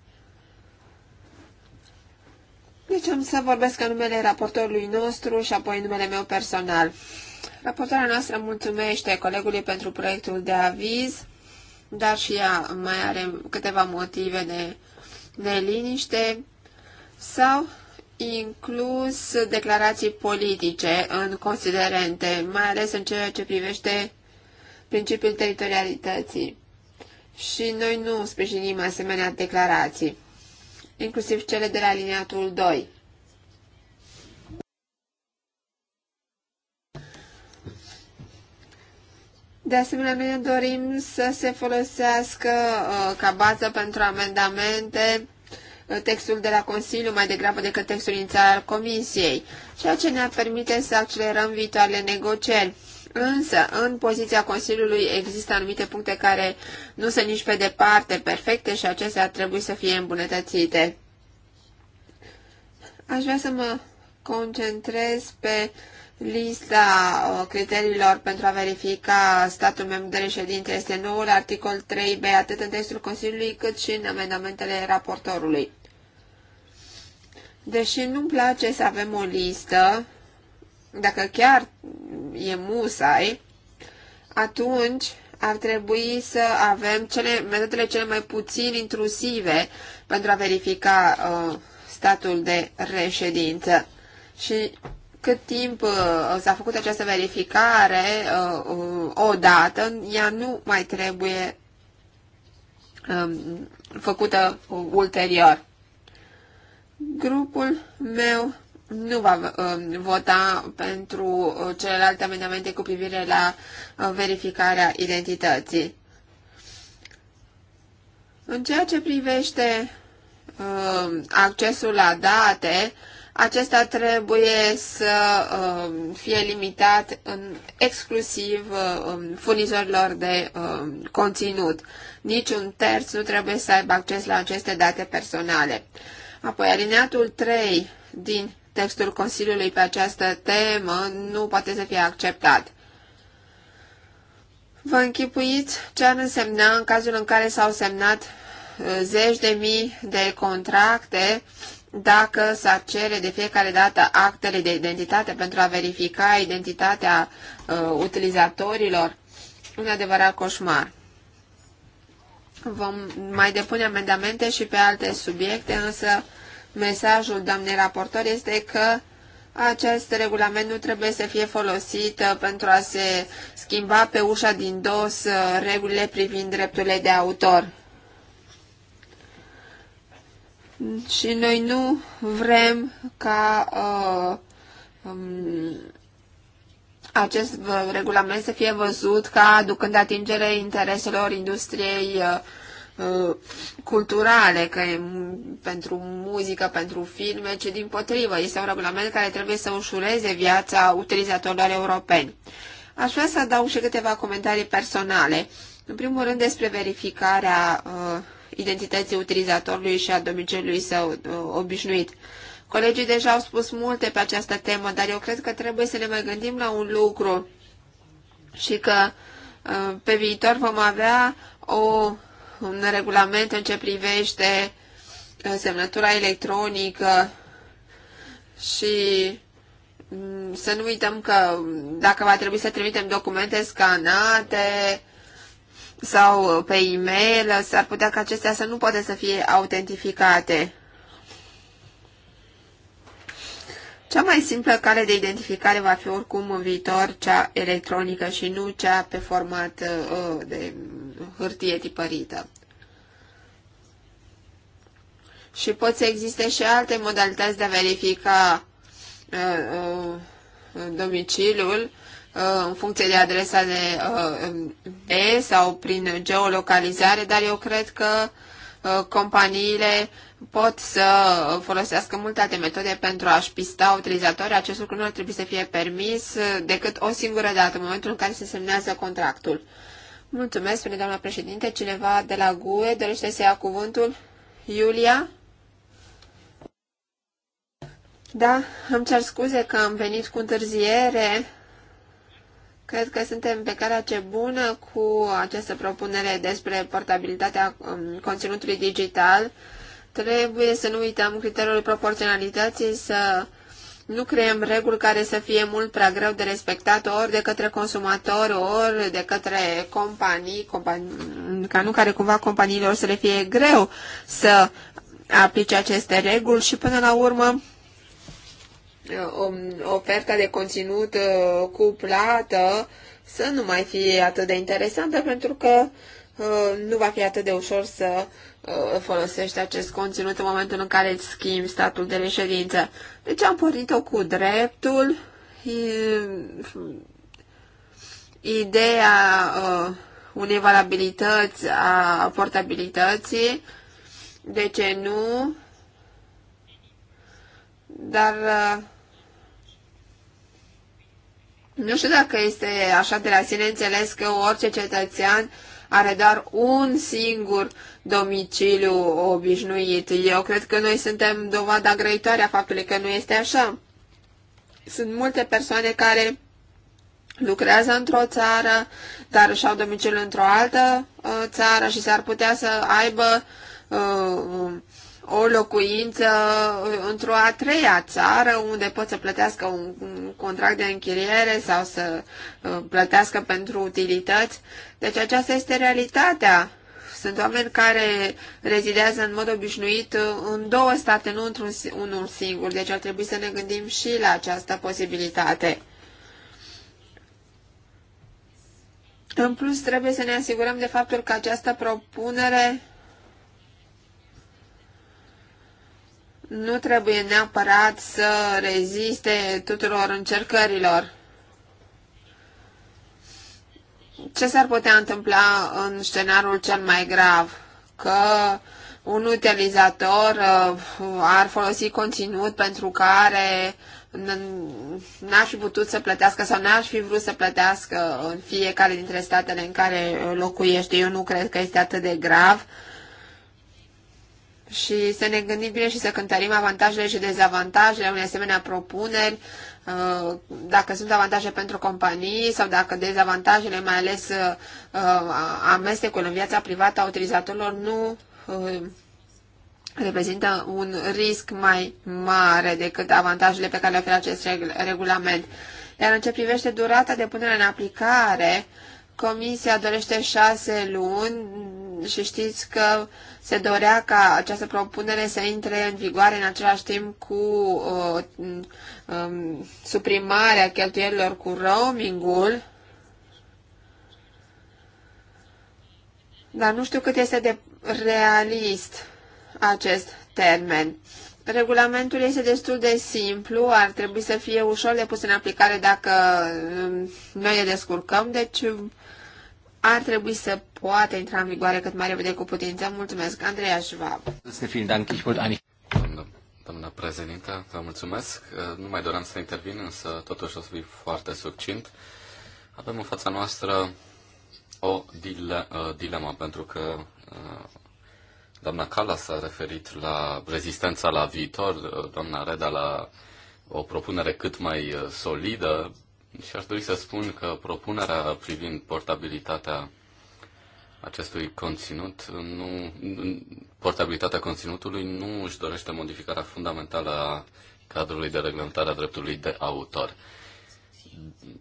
Deci am să vorbesc în numele raportorului nostru și apoi în numele meu personal. Raportoarea noastră mulțumește colegului pentru proiectul de aviz, dar și ea mai are câteva motive de neliniște sau inclus declarații politice în considerente, mai ales în ceea ce privește principiul teritorialității. Și noi nu sprijinim asemenea declarații inclusiv cele de la liniatul 2. De asemenea, noi dorim să se folosească uh, ca bază pentru amendamente uh, textul de la Consiliu mai degrabă decât textul inițial al Comisiei, ceea ce ne-ar permite să accelerăm viitoarele negocieri. Însă, în poziția Consiliului există anumite puncte care nu sunt nici pe departe perfecte și acestea trebuie să fie îmbunătățite. Aș vrea să mă concentrez pe lista uh, criteriilor pentru a verifica statul membru de reședinte este noul articol 3b, atât în textul Consiliului cât și în amendamentele raportorului. Deși nu-mi place să avem o listă, dacă chiar e musai, atunci ar trebui să avem cele, metodele cele mai puțin intrusive pentru a verifica uh, statul de reședință. Și cât timp uh, s-a făcut această verificare uh, uh, odată, ea nu mai trebuie um, făcută ulterior. Grupul meu nu va uh, vota pentru uh, celelalte amendamente cu privire la uh, verificarea identității. În ceea ce privește accesul la date, acesta trebuie să fie limitat în exclusiv furnizorilor de conținut. Niciun terț nu trebuie să aibă acces la aceste date personale. Apoi, alineatul 3 din textul Consiliului pe această temă nu poate să fie acceptat. Vă închipuiți ce ar însemna în cazul în care s-au semnat uh, zeci de mii de contracte dacă s-ar cere de fiecare dată actele de identitate pentru a verifica identitatea uh, utilizatorilor. Un adevărat coșmar. Vom mai depune amendamente și pe alte subiecte, însă Mesajul doamnei raportor este că acest regulament nu trebuie să fie folosit uh, pentru a se schimba pe ușa din dos uh, regulile privind drepturile de autor. Și noi nu vrem ca uh, um, acest uh, regulament să fie văzut ca aducând atingere intereselor industriei uh, Uh, culturale, că e pentru muzică, pentru filme, ci din potrivă. Este un regulament care trebuie să ușureze viața utilizatorilor europeni. Aș vrea să adaug și câteva comentarii personale. În primul rând despre verificarea uh, identității utilizatorului și a domiciliului său uh, obișnuit. Colegii deja au spus multe pe această temă, dar eu cred că trebuie să ne mai gândim la un lucru și că uh, pe viitor vom avea o un regulament în ce privește uh, semnătura electronică și mm, să nu uităm că dacă va trebui să trimitem documente scanate sau uh, pe e-mail, s-ar putea ca acestea să nu poată să fie autentificate. Cea mai simplă cale de identificare va fi oricum în viitor cea electronică și nu cea pe format uh, de hârtie tipărită. Și pot să existe și alte modalități de a verifica uh, uh, domiciliul uh, în funcție de adresa de uh, e sau prin geolocalizare, dar eu cred că uh, companiile pot să folosească multe alte metode pentru a-și pista utilizatorii. Acest lucru nu ar trebui să fie permis uh, decât o singură dată, în momentul în care se semnează contractul. Mulțumesc, spune doamna președinte. Cineva de la GUE dorește să ia cuvântul? Iulia? Da, îmi cer scuze că am venit cu întârziere. Cred că suntem pe calea ce bună cu această propunere despre portabilitatea um, conținutului digital. Trebuie să nu uităm criteriul proporționalității, să nu creăm reguli care să fie mult prea greu de respectat ori de către consumatori, ori de către companii, companii ca nu care cumva companiilor să le fie greu să aplice aceste reguli și până la urmă um, oferta de conținut uh, cu plată să nu mai fie atât de interesantă pentru că uh, nu va fi atât de ușor să Uh, folosești acest conținut în momentul în care îți schimbi statul de reședință. Deci am pornit-o cu dreptul, ideea uh, unei valabilități a portabilității, de ce nu, dar uh, nu știu dacă este așa de la sine înțeles că orice cetățean are doar un singur domiciliu obișnuit. Eu cred că noi suntem dovada grăitoare a faptului că nu este așa. Sunt multe persoane care lucrează într-o țară, dar își au domiciliu într-o altă uh, țară și s-ar putea să aibă uh, o locuință într-o a treia țară unde pot să plătească un contract de închiriere sau să uh, plătească pentru utilități. Deci aceasta este realitatea sunt oameni care rezidează în mod obișnuit uh, în două state, nu într-un unul singur, deci ar trebui să ne gândim și la această posibilitate. În plus, trebuie să ne asigurăm de faptul că această propunere nu trebuie neapărat să reziste tuturor încercărilor ce s-ar putea întâmpla în scenariul cel mai grav? Că un utilizator uh, ar folosi conținut pentru care n-ar fi putut să plătească sau n-ar fi vrut să plătească în fiecare dintre statele în care locuiește. Eu nu cred că este atât de grav. Și să ne gândim bine și să cântărim avantajele și dezavantajele unei asemenea propuneri Uh, dacă sunt avantaje pentru companii sau dacă dezavantajele, mai ales uh, uh, amestecul în viața privată a utilizatorilor, nu reprezintă un risc mai mare decât avantajele pe care le oferă acest regulament. Iar în ce privește durata de punere în aplicare, Comisia dorește șase luni și știți că uh, se dorea ca această propunere să intre în vigoare în același timp cu uh, um, suprimarea cheltuielilor cu roamingul, dar nu știu cât este de realist acest termen. Regulamentul este destul de simplu, ar trebui să fie ușor de pus în aplicare dacă um, noi ne descurcăm, deci ar trebui să poată intra în vigoare cât mai repede cu putință. Mulțumesc, Andreea Schwab. Doamna, doamna vă mulțumesc. Uh, nu mai doream să intervin, însă totuși o să fiu foarte succint. Avem în fața noastră o dile- uh, dilemă, pentru că uh, doamna Cala s-a referit la rezistența la viitor, doamna Reda la o propunere cât mai solidă și aș dori să spun că propunerea privind portabilitatea acestui conținut, nu, portabilitatea conținutului nu își dorește modificarea fundamentală a cadrului de reglementare a dreptului de autor.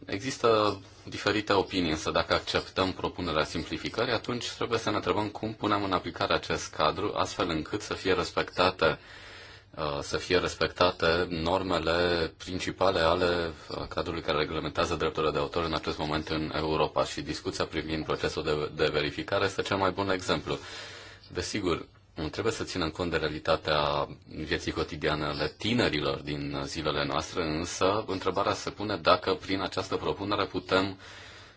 Există diferite opinii, însă dacă acceptăm propunerea simplificării, atunci trebuie să ne întrebăm cum punem în aplicare acest cadru, astfel încât să fie respectate uh, Uh, să fie respectate normele principale ale uh, cadrului care reglementează drepturile de autor în acest moment în Europa și discuția privind procesul de, de verificare este cel mai bun exemplu. Desigur, trebuie să ținem cont de realitatea vieții cotidiane ale tinerilor din zilele noastre, însă întrebarea se pune dacă prin această propunere putem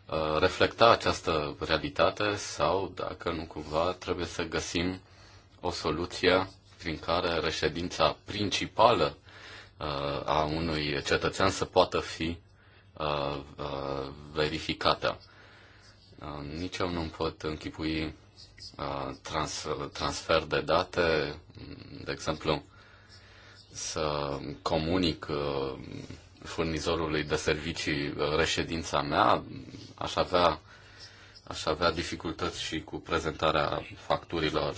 uh, reflecta această realitate sau dacă nu cumva trebuie să găsim o soluție prin care reședința principală uh, a unui cetățean să poată fi uh, uh, verificată. Nici eu nu pot închipui trans, transfer de date, de exemplu, să comunic furnizorului de servicii reședința mea, aș avea, aș avea dificultăți și cu prezentarea facturilor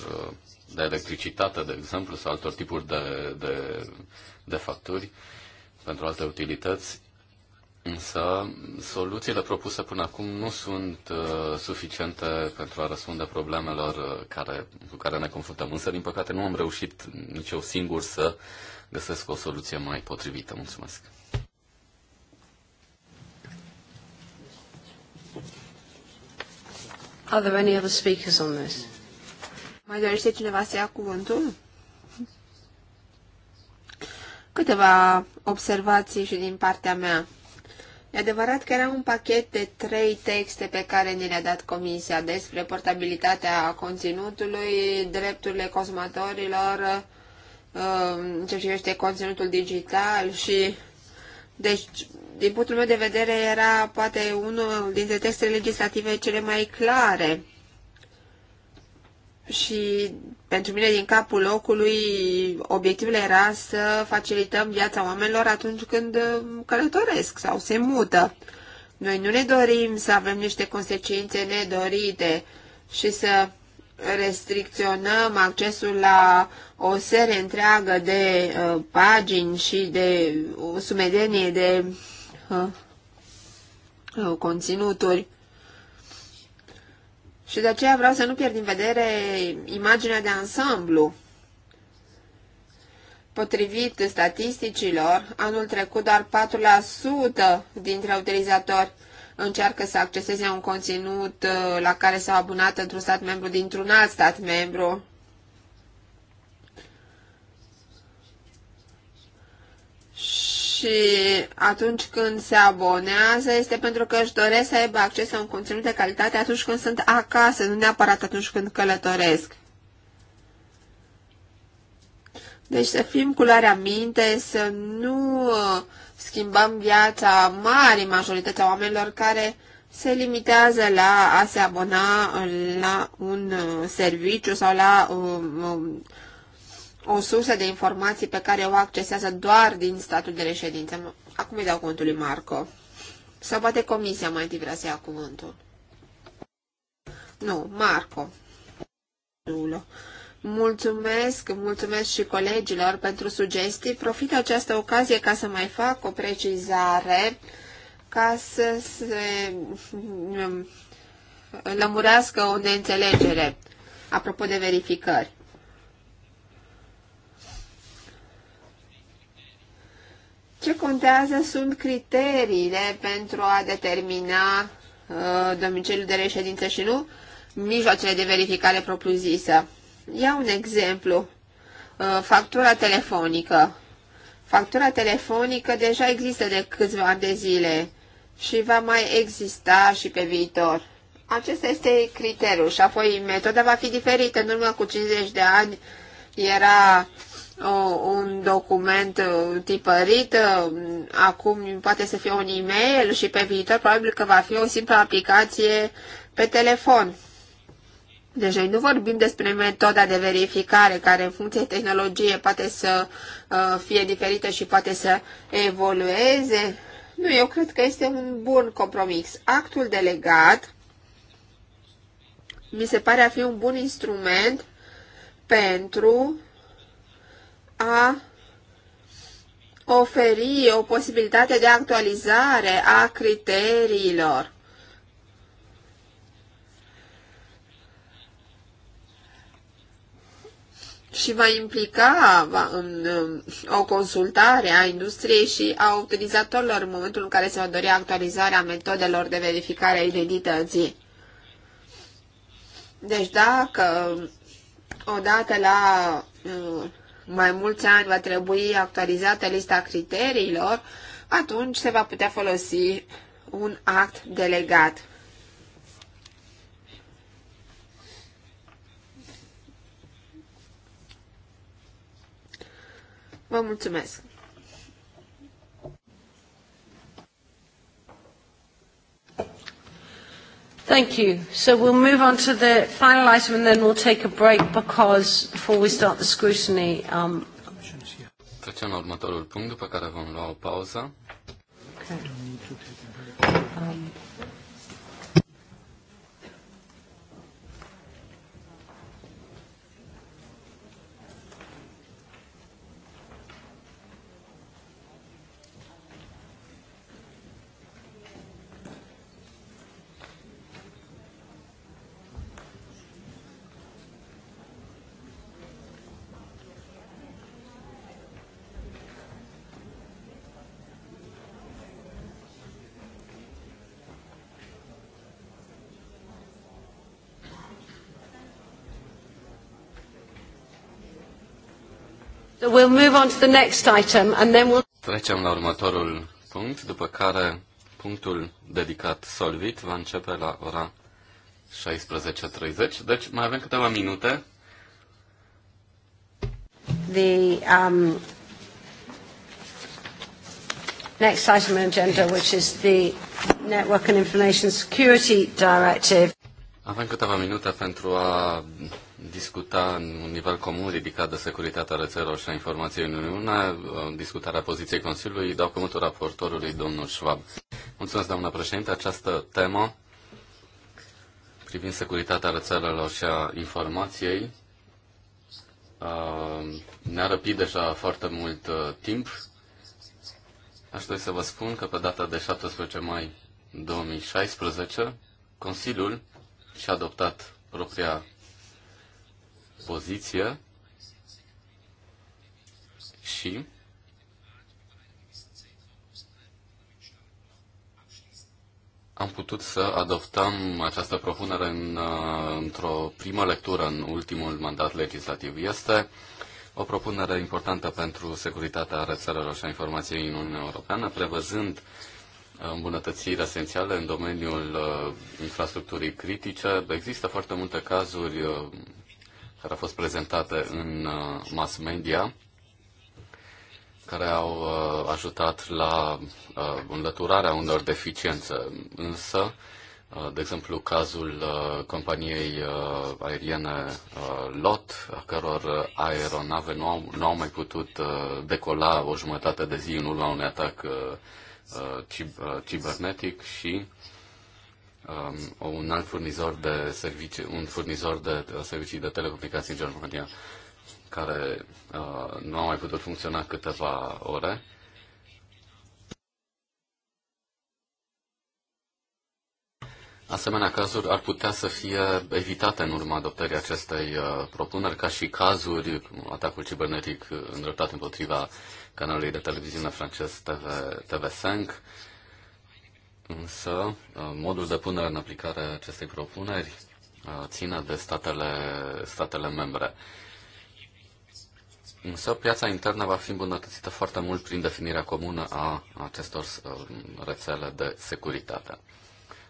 de electricitate, de exemplu, sau altor tipuri de, de, de facturi pentru alte utilități, însă soluțiile propuse până acum nu sunt uh, suficiente pentru a răspunde problemelor uh, care, cu care ne confruntăm. Însă, din păcate, nu am reușit nici eu singur să găsesc o soluție mai potrivită. Mulțumesc! Are there any other speakers on this? Mai dorește cineva să ia cuvântul? Câteva observații și din partea mea. E adevărat că era un pachet de trei texte pe care ni le-a dat Comisia despre portabilitatea conținutului, drepturile consumatorilor, uh, ce privește conținutul digital și... Deci, din punctul meu de vedere, era poate unul dintre textele legislative cele mai clare și pentru mine din capul locului obiectivul era să facilităm viața oamenilor atunci când uh, călătoresc sau se mută. Noi nu ne dorim să avem niște consecințe nedorite și să restricționăm accesul la o serie întreagă de uh, pagini și de o uh, sumedenie de uh, uh, conținuturi și de aceea vreau să nu pierd din vedere imaginea de ansamblu. Potrivit statisticilor, anul trecut doar 4% dintre utilizatori încearcă să acceseze un conținut uh, la care s-au abonat într-un stat membru dintr-un alt stat membru. Și și atunci când se abonează este pentru că își doresc să aibă acces la un conținut de calitate atunci când sunt acasă, nu neapărat atunci când călătoresc. Deci să fim cu luarea minte, să nu uh, schimbăm viața marii majorități a oamenilor care se limitează la a se abona la un uh, serviciu sau la um, um, o sursă de informații pe care o accesează doar din statul de reședință. Acum îi dau contul, lui Marco. Sau poate comisia mai întâi vrea să ia cuvântul. Nu, Marco. Mulțumesc, mulțumesc și colegilor pentru sugestii. Profit această ocazie ca să mai fac o precizare, ca să se mm, lămurească o neînțelegere apropo de verificări. Ce contează sunt criteriile pentru a determina uh, domiciliul de reședință și nu mijloacele de verificare propriu-zisă. Ia un exemplu. Uh, factura telefonică. Factura telefonică deja există de câțiva ani de zile și va mai exista și pe viitor. Acesta este criteriul și apoi metoda va fi diferită. În urmă cu 50 de ani era o, un document uh, tipărit, uh, acum poate să fie un e-mail și pe viitor probabil că va fi o simplă aplicație pe telefon. Deci noi nu vorbim despre metoda de verificare care în funcție de tehnologie poate să uh, fie diferită și poate să evolueze. Nu, eu cred că este un bun compromis. Actul delegat mi se pare a fi un bun instrument pentru a oferi o posibilitate de actualizare a criteriilor. și va implica va, în, o consultare a industriei și a utilizatorilor în momentul în care se va dori actualizarea metodelor de verificare a identității. Deci dacă odată la uh, mai mulți ani va trebui actualizată lista criteriilor, atunci se va putea folosi un act delegat. Vă mulțumesc! Thank you. So we'll move on to the final item and then we'll take a break because before we start the scrutiny. Um... Trecem la următorul punct, după care vom lua o pauză. Okay. Um, Trecem la următorul punct, după care punctul dedicat Solvit va începe la ora 16.30. Deci mai avem câteva minute. The um, next item on agenda, which is the Network and Information Security Directive. Avem câteva minute pentru a discuta un nivel comun ridicat de securitatea rețelor și a informației în Uniunea, uh, discutarea poziției Consiliului, dau cuvântul raportorului domnul Schwab. Mulțumesc, doamna președinte. Această temă privind securitatea rețelelor și a informației uh, ne-a răpit deja foarte mult uh, timp. Aș dori să vă spun că pe data de 17 mai 2016, Consiliul și-a adoptat propria poziție și am putut să adoptăm această propunere în, uh, într-o primă lectură în ultimul mandat legislativ. Este o propunere importantă pentru securitatea rețelelor și a informației în Uniunea Europeană, prevăzând uh, îmbunătățiri esențiale în domeniul uh, infrastructurii critice. Există foarte multe cazuri care a fost prezentate în uh, mass media, care au uh, ajutat la uh, înlăturarea unor deficiențe. Însă, de exemplu, cazul companiei aeriene LOT, a căror aeronave nu au, nu au mai putut decola o jumătate de zi în urma unui atac cibernetic și uh, um, un alt furnizor de servicii, un furnizor de uh, servicii de telecomunicații în Germania care uh, nu a mai putut funcționa câteva ore. Asemenea cazuri ar putea să fie evitate în urma adoptării acestei uh, propuneri, ca și cazuri, atacul cibernetic îndreptat împotriva canalului de televiziune francez TV, TV5, Însă, uh, modul de punere în aplicare a acestei propuneri uh, ține de statele, statele membre. Însă piața internă va fi îmbunătățită foarte mult prin definirea comună a acestor uh, rețele de securitate.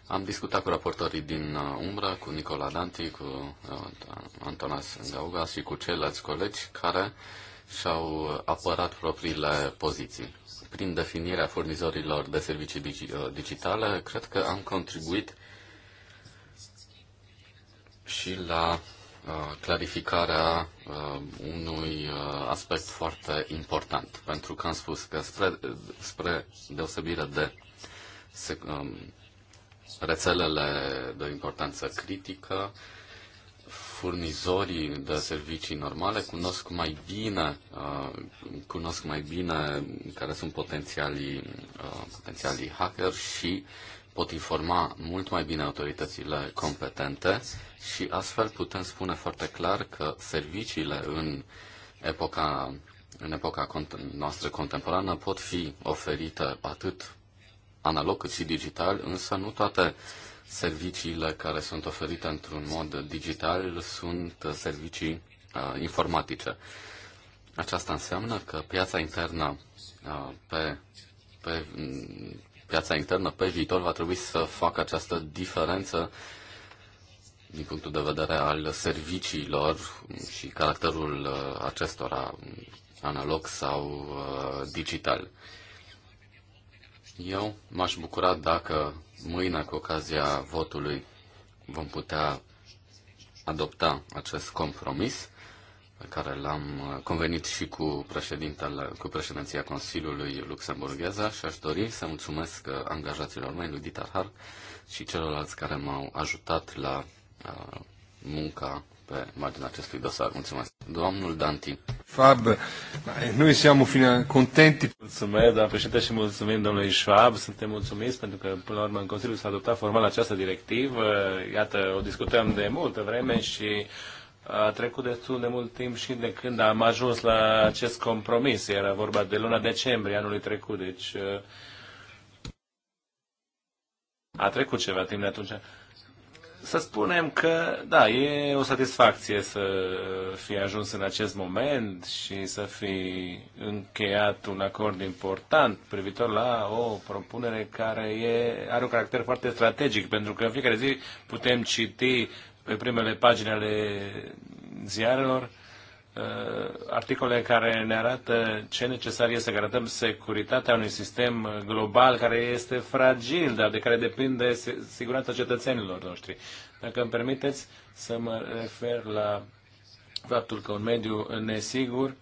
Am discutat cu raportorii din umbră, cu Nicola Danti, cu Antonas Gauga și cu ceilalți colegi care și-au apărat propriile poziții prin definirea furnizorilor de servicii uh, digitale, cred că am contribuit și la uh, clarificarea uh, unui aspect foarte important, pentru că am spus că spre, spre deosebire de um, rețelele de importanță critică, furnizorii de servicii normale cunosc mai bine, uh, cunosc mai bine care sunt potențialii, uh, potențialii hacker și pot informa mult mai bine autoritățile competente și astfel putem spune foarte clar că serviciile în epoca, în epoca noastră contemporană pot fi oferite atât analog cât și digital, însă nu toate uh, serviciile care sunt oferite într-un mod digital sunt uh, servicii uh, informatice. Aceasta înseamnă că piața internă uh, pe, pe mm, piața internă pe viitor va trebui să facă această diferență din punctul de vedere al serviciilor și caracterul uh, acestora mm, analog sau uh, digital. Eu m-aș bucura dacă mâine, cu ocazia votului, vom putea adopta acest compromis pe care l-am uh, convenit și cu, președintele, cu președinția Consiliului Luxemburgheza și aș dori să mulțumesc uh, angajaților mei, lui Dieter Hark, și celorlalți care m-au ajutat la uh, munca pe marginea acestui dosar. Mulțumesc. Domnul Danti. Fab, noi siamo fina contenti. Mulțumesc, doamna președinte, și mulțumim domnului Schwab. Suntem mulțumiți pentru că, până la urmă, în Consiliu s-a adoptat formal această directivă. Iată, o discutăm de multă vreme și a trecut destul de mult timp și de când am ajuns la acest compromis. Era vorba de luna decembrie anului trecut, deci a trecut ceva timp de atunci să spunem că, da, e o satisfacție să fi ajuns în acest moment și să fi încheiat un acord important privitor la o propunere care e, are un caracter foarte strategic, pentru că în fiecare zi putem citi pe primele pagini ale ziarelor Uh, articole care ne arată ce necesar este să garantăm securitatea unui sistem global care este fragil, dar de care depinde siguranța cetățenilor noștri. Dacă îmi permiteți să mă refer la faptul că un mediu nesigur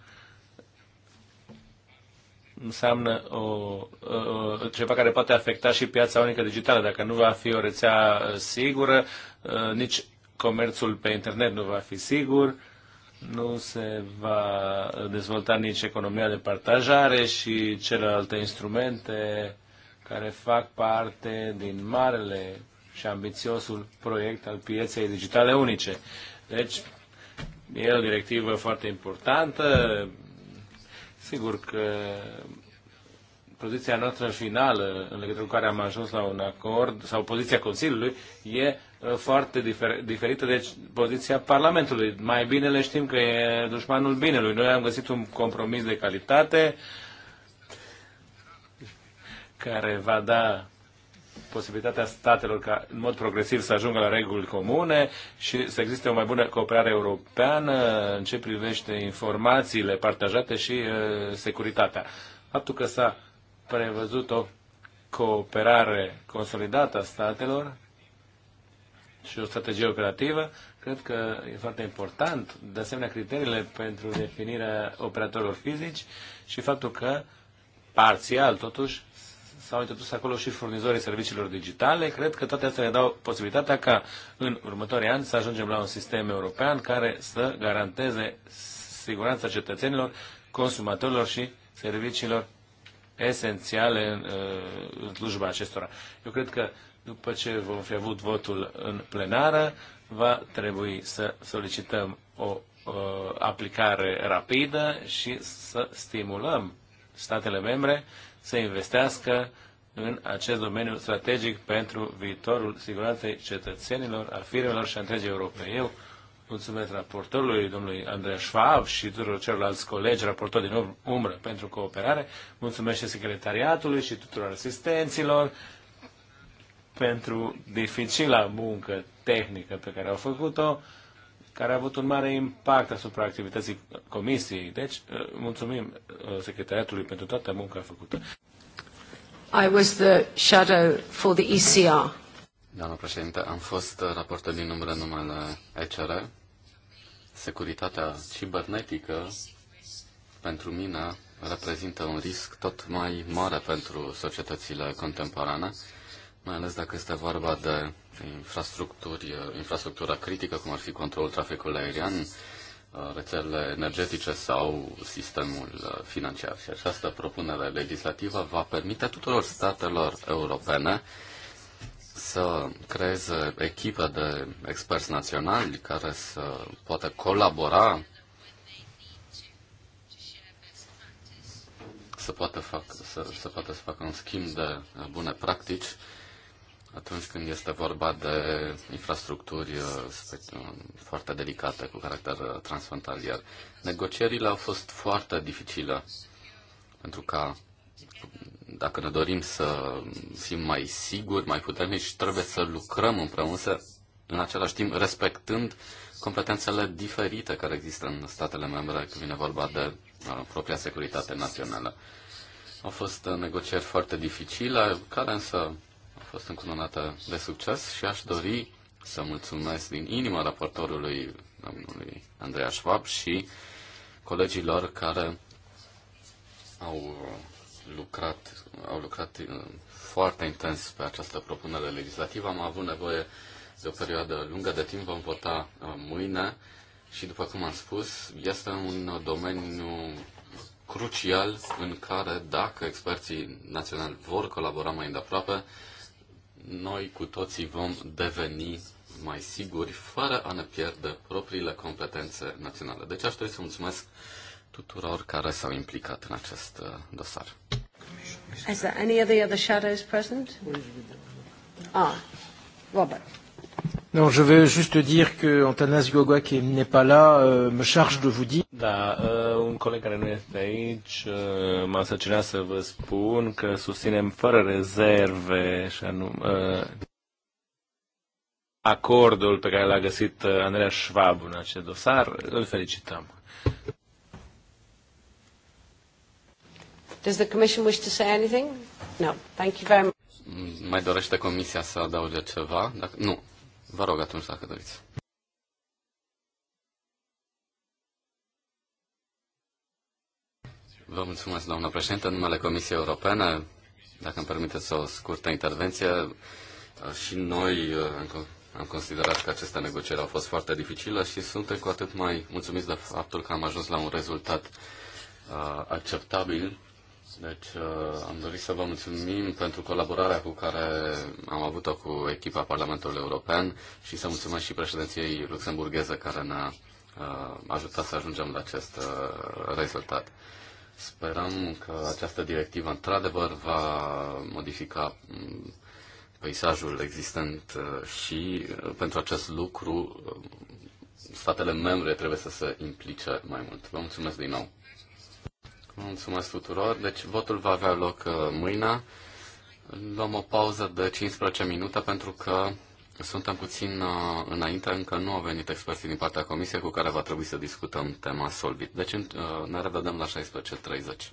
înseamnă o, o, ceva care poate afecta și piața unică digitală. Dacă nu va fi o rețea sigură, uh, nici comerțul pe internet nu va fi sigur, nu se va dezvolta nici economia de partajare și celelalte instrumente care fac parte din marele și ambițiosul proiect al pieței digitale unice. Deci, e o directivă foarte importantă. Sigur că poziția noastră finală, în legătură cu care am ajuns la un acord, sau poziția Consiliului, e Uh, foarte difer- diferită de deci, poziția Parlamentului. Mai bine le știm că e dușmanul binelui. Noi am găsit un compromis de calitate care va da posibilitatea statelor ca în mod progresiv să ajungă la reguli comune și să existe o mai bună cooperare europeană în ce privește informațiile partajate și uh, securitatea. Faptul că s-a prevăzut o cooperare consolidată a statelor și o strategie operativă, cred că e foarte important, de asemenea, criteriile pentru definirea operatorilor fizici și faptul că, parțial, totuși, s-au introdus acolo și furnizorii serviciilor digitale. Cred că toate astea ne dau posibilitatea ca în următorii ani să ajungem la un sistem european care să garanteze siguranța cetățenilor, consumatorilor și serviciilor esențiale în, uh, în slujba acestora. Eu cred că după ce vom fi avut votul în plenară, va trebui să solicităm o uh, aplicare rapidă și să stimulăm statele membre să investească în acest domeniu strategic pentru viitorul siguranței cetățenilor, a firmelor și a întregii Europei. Eu mulțumesc raportorului, domnului Andrei Schwab și tuturor celorlalți colegi raportori din um-, umbră pentru cooperare. Mulțumesc și secretariatului și tuturor asistenților pentru dificila muncă tehnică pe care au făcut-o, care a avut un mare impact asupra activității comisiei. Deci, uh, mulțumim uh, secretariatului pentru toată munca făcută. I was the shadow for the ECR. Doamna președinte, am fost raportor din numele numele ECR. Securitatea cibernetică pentru mine reprezintă un risc tot mai mare pentru societățile contemporane mai ales dacă este vorba de infrastructuri, infrastructura critică, cum ar fi controlul traficului aerian, uh, rețelele energetice sau sistemul uh, financiar. Și această propunere legislativă va permite tuturor statelor europene să creeze echipe de experți naționali care să poată colabora, să poată, fac, să, să poată să facă un schimb de bune practici atunci când este vorba de infrastructuri uh, uh, foarte delicate cu caracter uh, transfrontalier. Negocierile au fost foarte dificile, pentru că dacă ne dorim să fim mai siguri, mai puternici, trebuie să lucrăm împreună, să în același timp respectând competențele diferite care există în statele membre când vine vorba de propria securitate națională. Au fost negocieri foarte dificile, care însă fost încununată de succes și aș dori să mulțumesc din inima raportorului domnului Andreea Schwab și colegilor care au lucrat, au lucrat uh, foarte intens pe această propunere legislativă. Am avut nevoie de o perioadă lungă de timp, vom vota uh, mâine și, după cum am spus, este un domeniu crucial în care, dacă experții naționali vor colabora mai îndeaproape, noi cu toții vom deveni mai siguri fără a ne pierde propriile competențe naționale. Deci aș trebui să mulțumesc tuturor care s-au implicat în acest uh, dosar. Is there any of the other shadows present? Ah, Robert. Non, je veux juste dire que Antanas Gogua, qui n'est pas là, euh, me charge de vous dire. Da, uh, un coleg care nu este aici uh, m-a săcinat să vă spun că susținem fără rezerve și anum, uh, acordul pe care l-a găsit uh, Andreea Schwab în acest dosar. Îl felicităm. Does the Commission wish to say anything? No. Thank you very much. Mai dorește Comisia să adauge ceva? Dacă... Nu. Vă rog atunci dacă doriți. Vă mulțumesc, doamnă președinte. În numele Comisiei Europene, dacă îmi permiteți o scurtă intervenție, și noi uh, am considerat că aceste negocieri au fost foarte dificile și suntem cu atât mai mulțumiți de faptul că am ajuns la un rezultat uh, acceptabil deci uh, am dorit să vă mulțumim pentru colaborarea cu care am avut-o cu echipa Parlamentului European și să mulțumesc și președinției luxemburgheze care ne-a uh, ajutat să ajungem la acest uh, rezultat. Sperăm că această directivă într-adevăr va modifica mm, peisajul existent și pentru acest lucru statele membre trebuie să se implice mai mult. Vă mulțumesc din nou! Mulțumesc tuturor. Deci votul va avea loc uh, mâine. Luăm o pauză de 15 minute pentru că suntem puțin uh, înainte, încă nu au venit experții din partea comisiei cu care va trebui să discutăm tema Solvit. Deci uh, ne revedem la 16.30.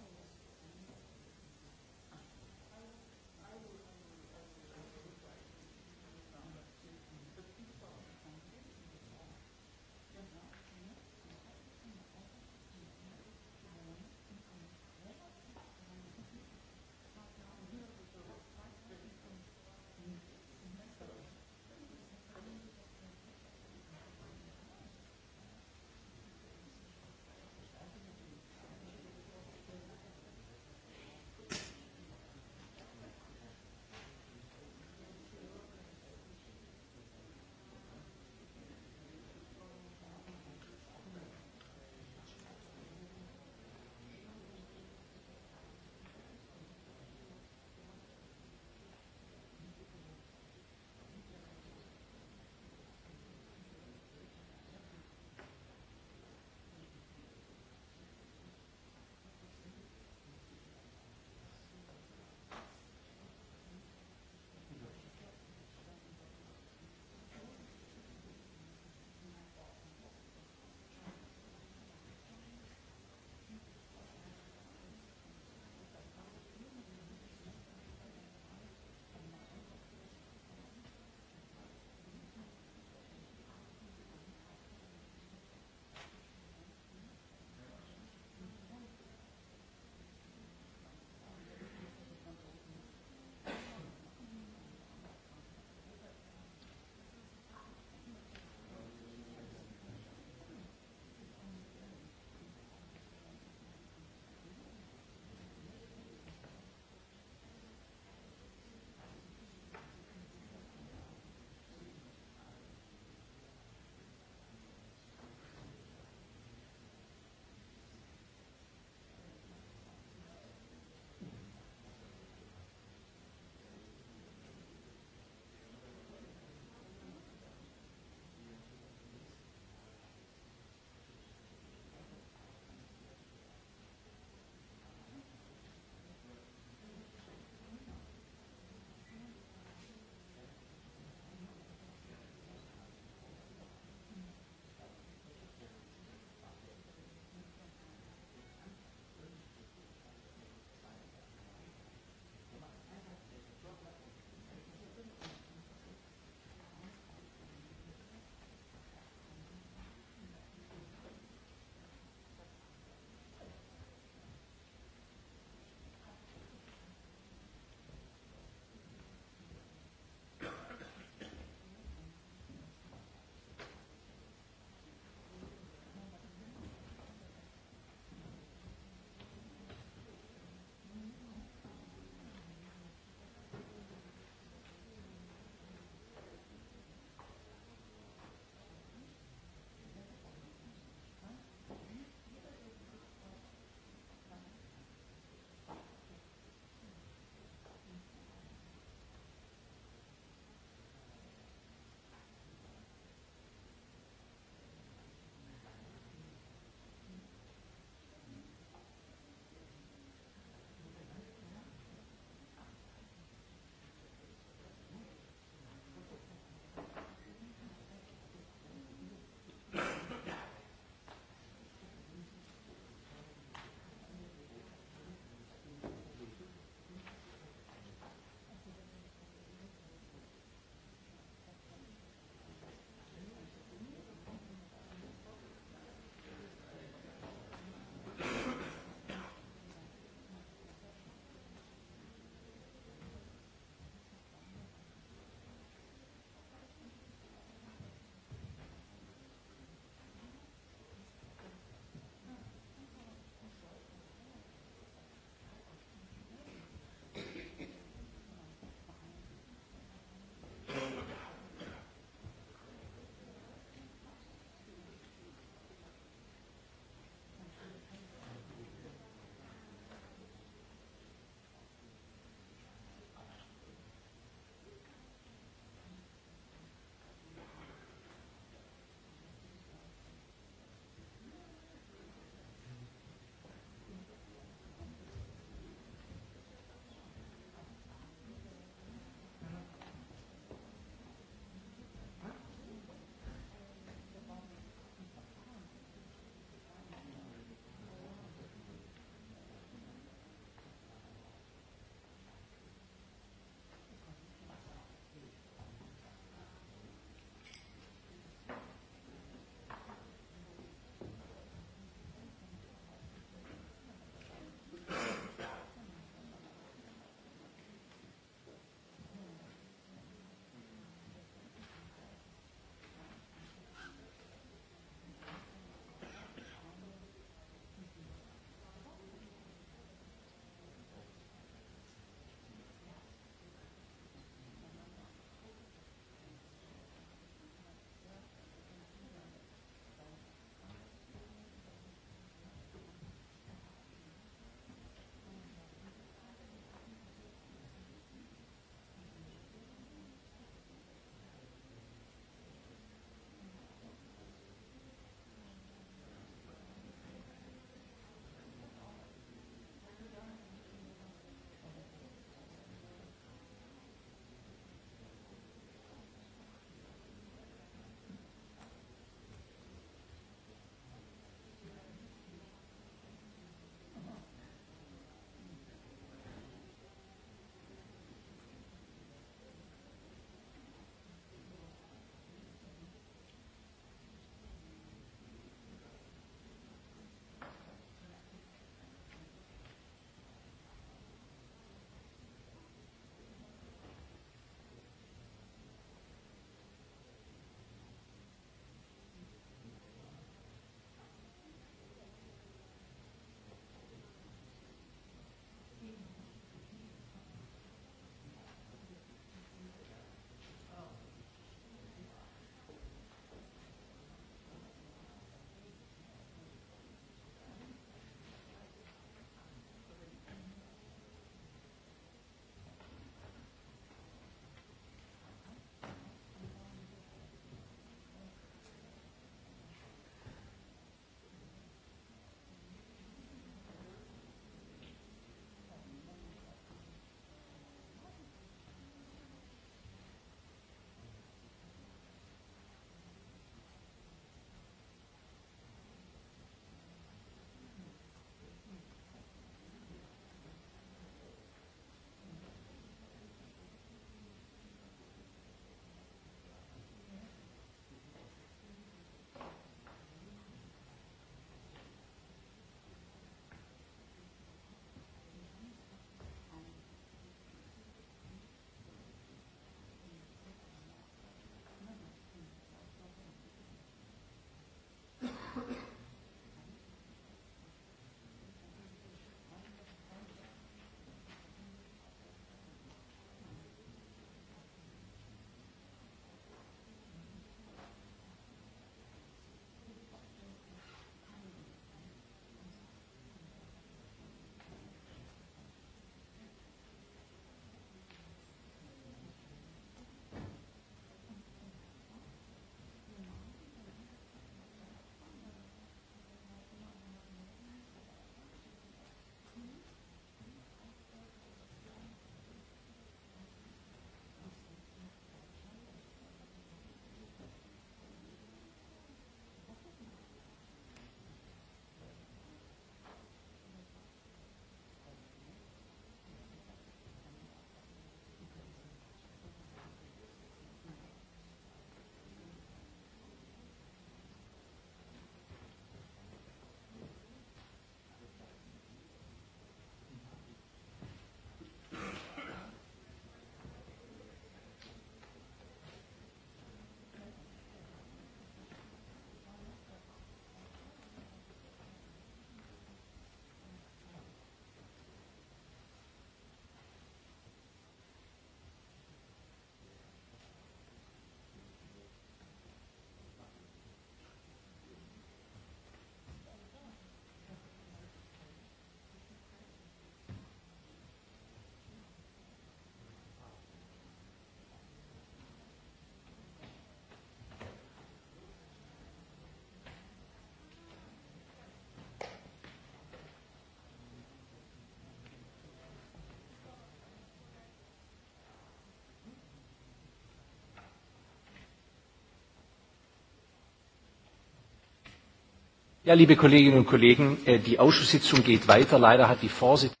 Ja, liebe Kolleginnen und Kollegen, äh, die Ausschusssitzung geht weiter. Leider hat die Vorsitzende.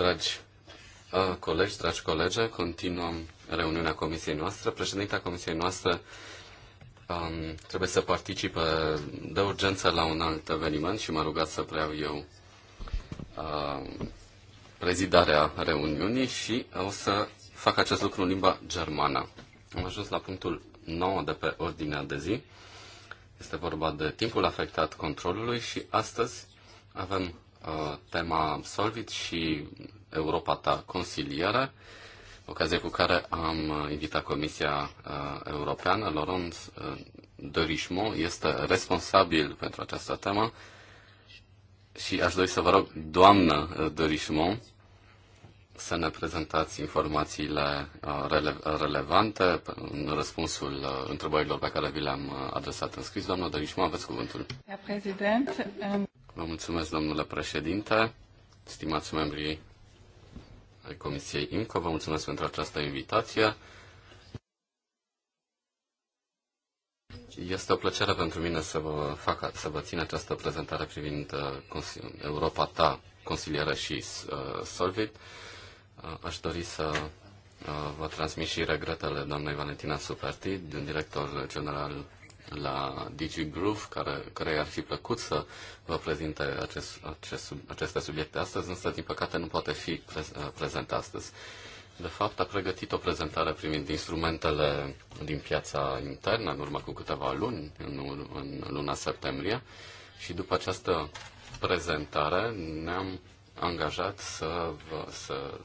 Dragi uh, colegi, dragi colege, continuăm reuniunea comisiei noastre. Președinta comisiei noastre um, trebuie să participe de urgență la un alt eveniment și m-a rugat să preiau eu uh, prezidarea reuniunii și o să fac acest lucru în limba germană. Am ajuns la punctul 9 de pe ordinea de zi. Este vorba de timpul afectat controlului și astăzi avem uh, tema Solvit și Europa ta consiliere, ocazie cu care am uh, invitat Comisia uh, Europeană. Laurent uh, Dorișmo este responsabil pentru această temă și aș dori să vă rog, doamnă uh, Dorișmo, să ne prezentați informațiile uh, rele- relevante în răspunsul uh, întrebărilor pe care vi le-am uh, adresat în scris. Doamna Dărișma, aveți cuvântul. Vă mulțumesc, domnule președinte, stimați membrii ai Comisiei IMCO, vă mulțumesc pentru această invitație. Este o plăcere pentru mine să vă, fac, să vă țin această prezentare privind Europa ta, consilieră și uh, Solvit. Aș dori să vă transmit și regretele doamnei Valentina Superti, din director general la DigiGroove, care, care ar fi plăcut să vă prezinte acest, acest, aceste subiecte astăzi, însă, din păcate, nu poate fi pre, prezent astăzi. De fapt, a pregătit o prezentare privind instrumentele din piața internă, în urmă cu câteva luni, în, în luna septembrie, și după această prezentare ne-am angajat să, vă, să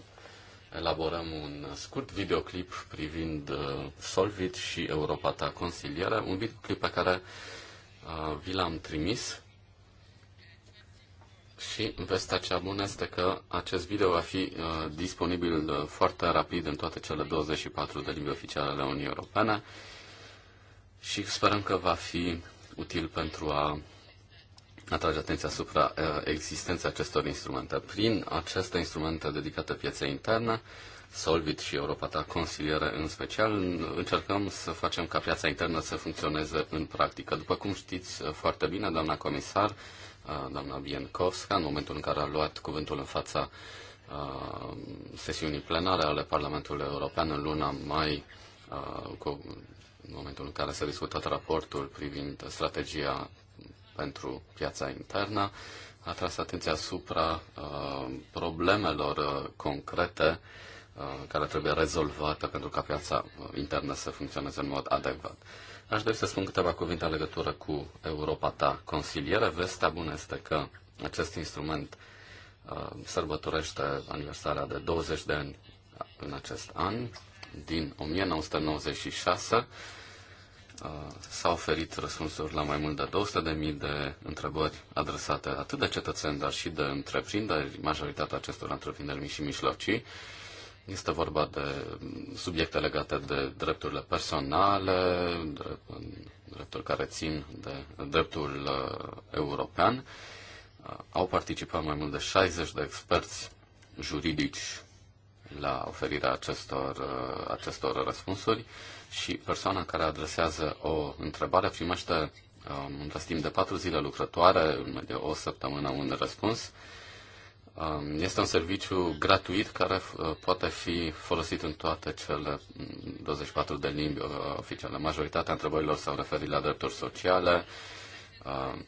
elaborăm un scurt videoclip privind uh, Solvit și Europa ta consiliere, un videoclip pe care uh, vi l-am trimis și vestea cea bună este că acest video va fi uh, disponibil uh, foarte rapid în toate cele 24 de limbi oficiale ale Uniunii Europene și sperăm că va fi util pentru a atrage atenția asupra uh, existenței acestor instrumente. Prin aceste instrumente dedicate pieței interne, Solvit și Europa Ta Consiliere în special, încercăm să facem ca piața internă să funcționeze în practică. După cum știți uh, foarte bine, doamna comisar, uh, doamna Biencovska, în momentul în care a luat cuvântul în fața sesiunii plenare ale Parlamentului European în luna mai, cu, în momentul în care s-a discutat raportul privind strategia pentru piața internă, a tras atenția asupra uh, problemelor uh, concrete uh, care trebuie rezolvate pentru ca piața uh, internă să funcționeze în mod adecvat. Aș dori să spun câteva cuvinte în legătură cu Europa ta consiliere. Vestea bună este că acest instrument uh, sărbătorește aniversarea de 20 de ani în acest an, din 1996 Uh, s-au oferit răspunsuri la mai mult de 200.000 de întrebări adresate atât de cetățeni, dar și de întreprinderi, majoritatea acestor întreprinderi mici și mijlocii. Este vorba de subiecte legate de drepturile personale, drepturi care țin de dreptul uh, european. Uh, au participat mai mult de 60 de experți juridici la oferirea acestor, acestor răspunsuri și persoana care adresează o întrebare primește um, un timp de patru zile lucrătoare, în de o săptămână un răspuns. Um, este un serviciu gratuit care uh, poate fi folosit în toate cele 24 mm, de limbi uh, oficiale. Majoritatea întrebărilor s-au referit la drepturi sociale, uh,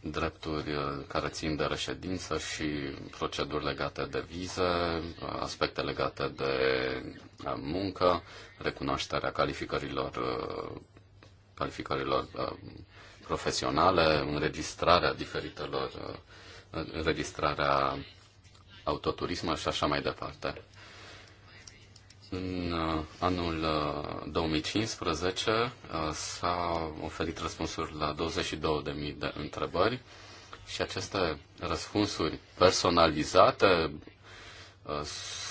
drepturi uh, care țin de reședință și proceduri legate de vize, uh, aspecte legate de uh, muncă, recunoașterea calificărilor, calificărilor profesionale, înregistrarea diferitelor, înregistrarea autoturismă și așa mai departe. În uh, anul 2015 uh, uh, s-a oferit răspunsuri la 22.000 de întrebări și aceste răspunsuri personalizate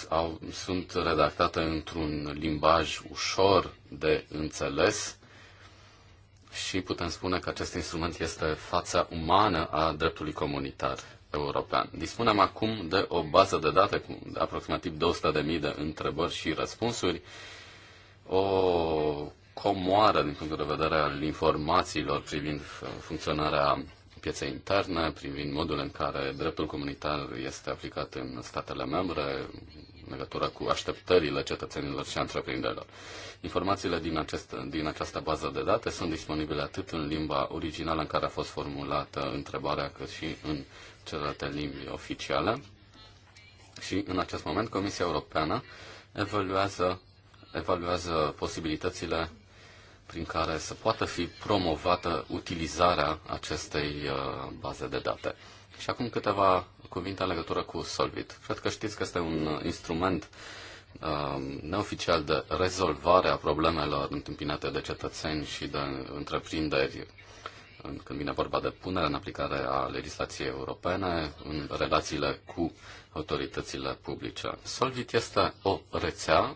au, sunt redactate într-un limbaj ușor de înțeles și putem spune că acest instrument este fața umană a dreptului comunitar european. Dispunem acum de o bază de date cu aproximativ 200.000 de întrebări și răspunsuri, o comoară din punct de vedere al informațiilor privind funcționarea pieței interne, privind modul în care dreptul comunitar este aplicat în statele membre, în legătură cu așteptările cetățenilor și întreprinderilor. Informațiile din, acest, din această bază de date sunt disponibile atât în limba originală în care a fost formulată întrebarea, cât și în celelalte limbi oficiale. Și în acest moment Comisia Europeană evaluează, evaluează posibilitățile prin care să poată fi promovată utilizarea acestei uh, baze de date. Și acum câteva cuvinte în legătură cu Solvit. Cred că știți că este un instrument uh, neoficial de rezolvare a problemelor întâmpinate de cetățeni și de întreprinderi când vine vorba de punerea în aplicare a legislației europene în relațiile cu autoritățile publice. Solvit este o rețea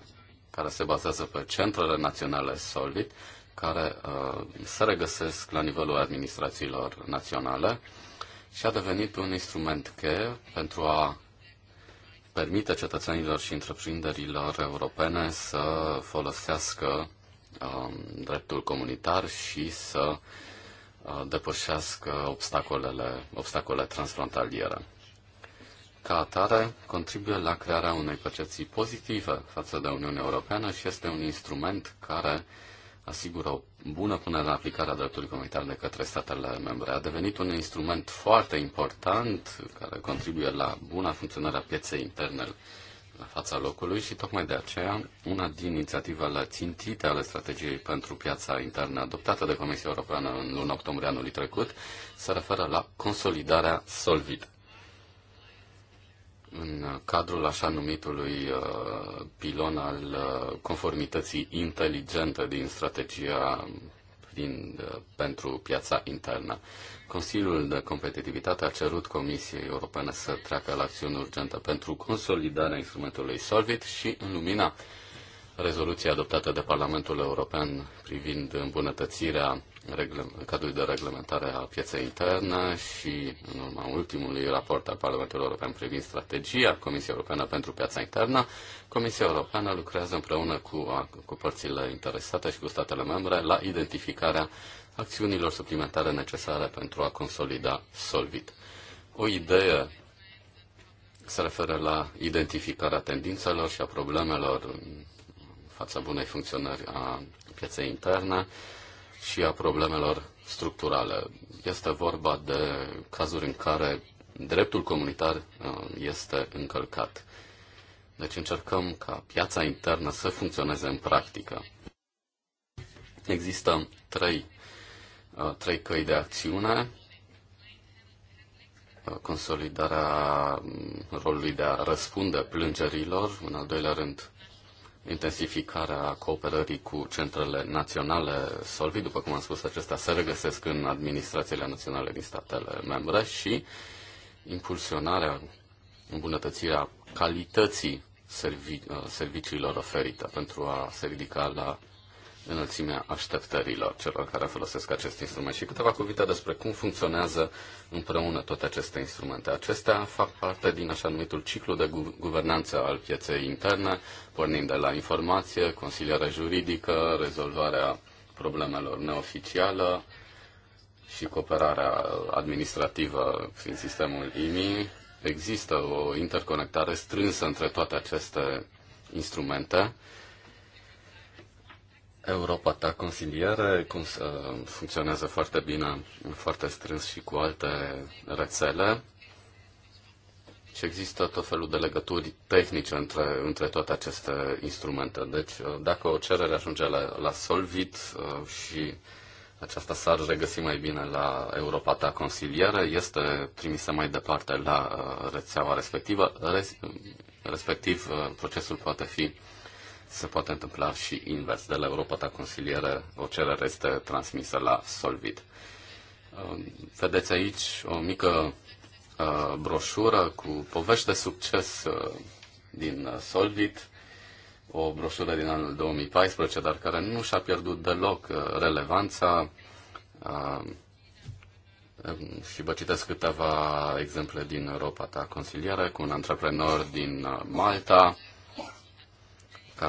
care se bazează pe centrele naționale Solvit, care uh, se regăsesc la nivelul administrațiilor naționale și a devenit un instrument cheie pentru a permite cetățenilor și întreprinderilor europene să folosească uh, dreptul comunitar și să depășească obstacolele, obstacole transfrontaliere. Ca atare, contribuie la crearea unei percepții pozitive față de Uniunea Europeană și este un instrument care asigură o bună punere în aplicare a dreptului comunitar de către statele membre. A devenit un instrument foarte important care contribuie la buna funcționare a pieței interne la fața locului și tocmai de aceea una din inițiativele țintite ale strategiei pentru piața internă adoptată de Comisia Europeană în luna octombrie anului trecut se referă la consolidarea Solvit. În cadrul așa numitului uh, pilon al uh, conformității inteligente din strategia din, uh, pentru piața internă. Consiliul de Competitivitate a cerut Comisiei Europene să treacă la acțiuni urgente pentru consolidarea instrumentului Solvit și în lumina rezoluției adoptate de Parlamentul European privind îmbunătățirea cadrul de reglementare a pieței interne și, în urma ultimului raport al Parlamentului European privind strategia Comisiei Europene pentru piața internă, Comisia Europeană lucrează împreună cu, cu părțile interesate și cu statele membre la identificarea acțiunilor suplimentare necesare pentru a consolida Solvit. O idee se referă la identificarea tendințelor și a problemelor în fața bunei funcționări a pieței interne, și a problemelor structurale. Este vorba de cazuri în care dreptul comunitar uh, este încălcat. Deci încercăm ca piața internă să funcționeze în practică. Există trei, uh, trei căi de acțiune. Uh, consolidarea mm, rolului de a răspunde plângerilor, în al doilea rând intensificarea cooperării cu centrele naționale Solvi, după cum am spus, acestea se regăsesc în administrațiile naționale din statele membre și impulsionarea, îmbunătățirea calității uh, serviciilor oferite pentru a se ridica la înălțimea așteptărilor celor care folosesc acest instrument și câteva cuvinte despre cum funcționează împreună toate aceste instrumente. Acestea fac parte din așa numitul ciclu de guvernanță al pieței interne, pornind de la informație, consiliere juridică, rezolvarea problemelor neoficială și cooperarea administrativă prin sistemul IMI. Există o interconectare strânsă între toate aceste instrumente Europa ta consiliere cum, uh, funcționează foarte bine, foarte strâns și cu alte rețele și există tot felul de legături tehnice între, între toate aceste instrumente. Deci, uh, dacă o cerere ajunge la, la Solvit uh, și aceasta s-ar regăsi mai bine la Europa ta consiliere, este trimisă mai departe la rețeaua respectivă, respectiv procesul poate fi se poate întâmpla și invers. De la Europa ta Consiliere o cerere este transmisă la Solvit. Um, vedeți aici o mică uh, broșură cu povești de succes uh, din Solvit, o broșură din anul 2014, dar care nu și-a pierdut deloc uh, relevanța. Um, și vă citesc câteva exemple din Europa ta Consiliere, cu un antreprenor din Malta,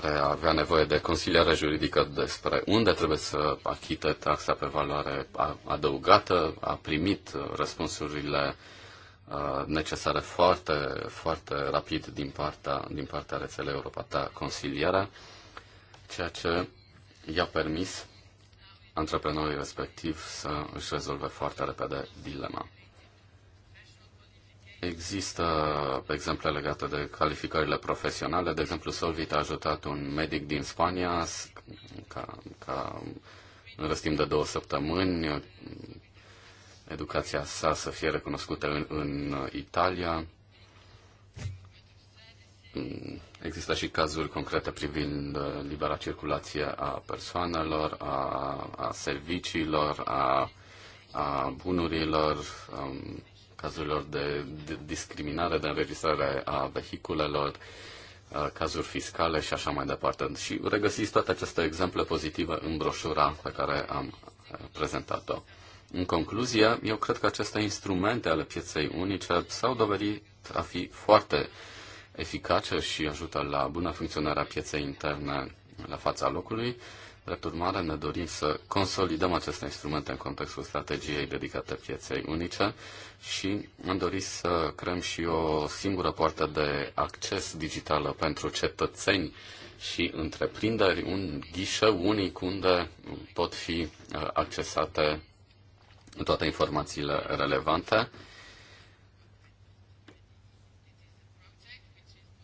care avea nevoie de consiliere juridică despre unde trebuie să achită taxa pe valoare adăugată, a primit răspunsurile uh, necesare foarte, foarte rapid din partea, din partea rețelei Europa ta consiliere, ceea ce i-a permis antreprenorii respectiv să își rezolve foarte repede dilema. Există exemple legate de calificările profesionale. De exemplu, Solvit a ajutat un medic din Spania ca, ca în răstim de două săptămâni educația sa să fie recunoscută în, în Italia. Există și cazuri concrete privind uh, libera circulație a persoanelor, a, a serviciilor, a, a bunurilor. Um, cazurilor de discriminare, de înregistrare a vehiculelor, cazuri fiscale și așa mai departe. Și regăsiți toate aceste exemple pozitive în broșura pe care am prezentat-o. În concluzie, eu cred că aceste instrumente ale pieței unice s-au dovedit a fi foarte eficace și ajută la bună funcționare a pieței interne la fața locului Drept urmare, ne dorim să consolidăm aceste instrumente în contextul strategiei dedicate pieței unice și am dorit să creăm și o singură poartă de acces digitală pentru cetățeni și întreprinderi, un ghișeu unic unde pot fi uh, accesate toate informațiile relevante.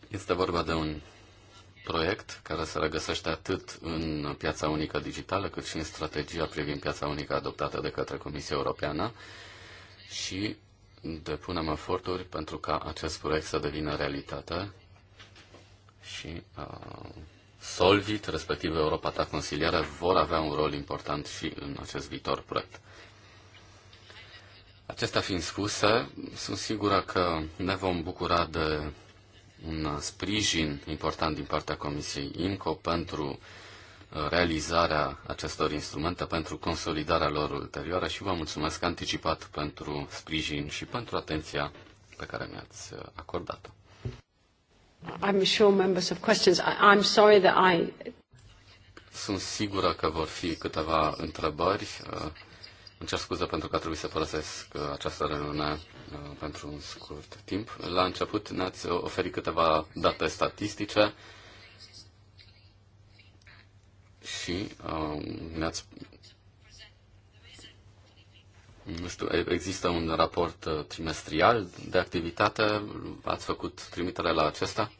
Este vorba de un proiect care se regăsește atât în piața unică digitală, cât și în strategia privind piața unică adoptată de către Comisia Europeană și depunem eforturi pentru ca acest proiect să devină realitate și uh, Solvit, respectiv Europa ta consiliară, vor avea un rol important și în acest viitor proiect. Acestea fiind spuse, sunt sigură că ne vom bucura de un uh, sprijin important din partea Comisiei INCO pentru uh, realizarea acestor instrumente, pentru consolidarea lor ulterioară și vă mulțumesc anticipat pentru sprijin și pentru atenția pe care mi-ați uh, acordat-o. I'm sure members have questions. I'm sorry that I... Sunt sigură că vor fi câteva întrebări. Îmi cer scuze pentru că a trebuit să părăsesc această reuniune Uh, pentru un scurt timp. La început ne-ați oferit câteva date statistice și uh, ne-ați nu știu, există un raport uh, trimestrial de activitate? Ați făcut trimitere la acesta?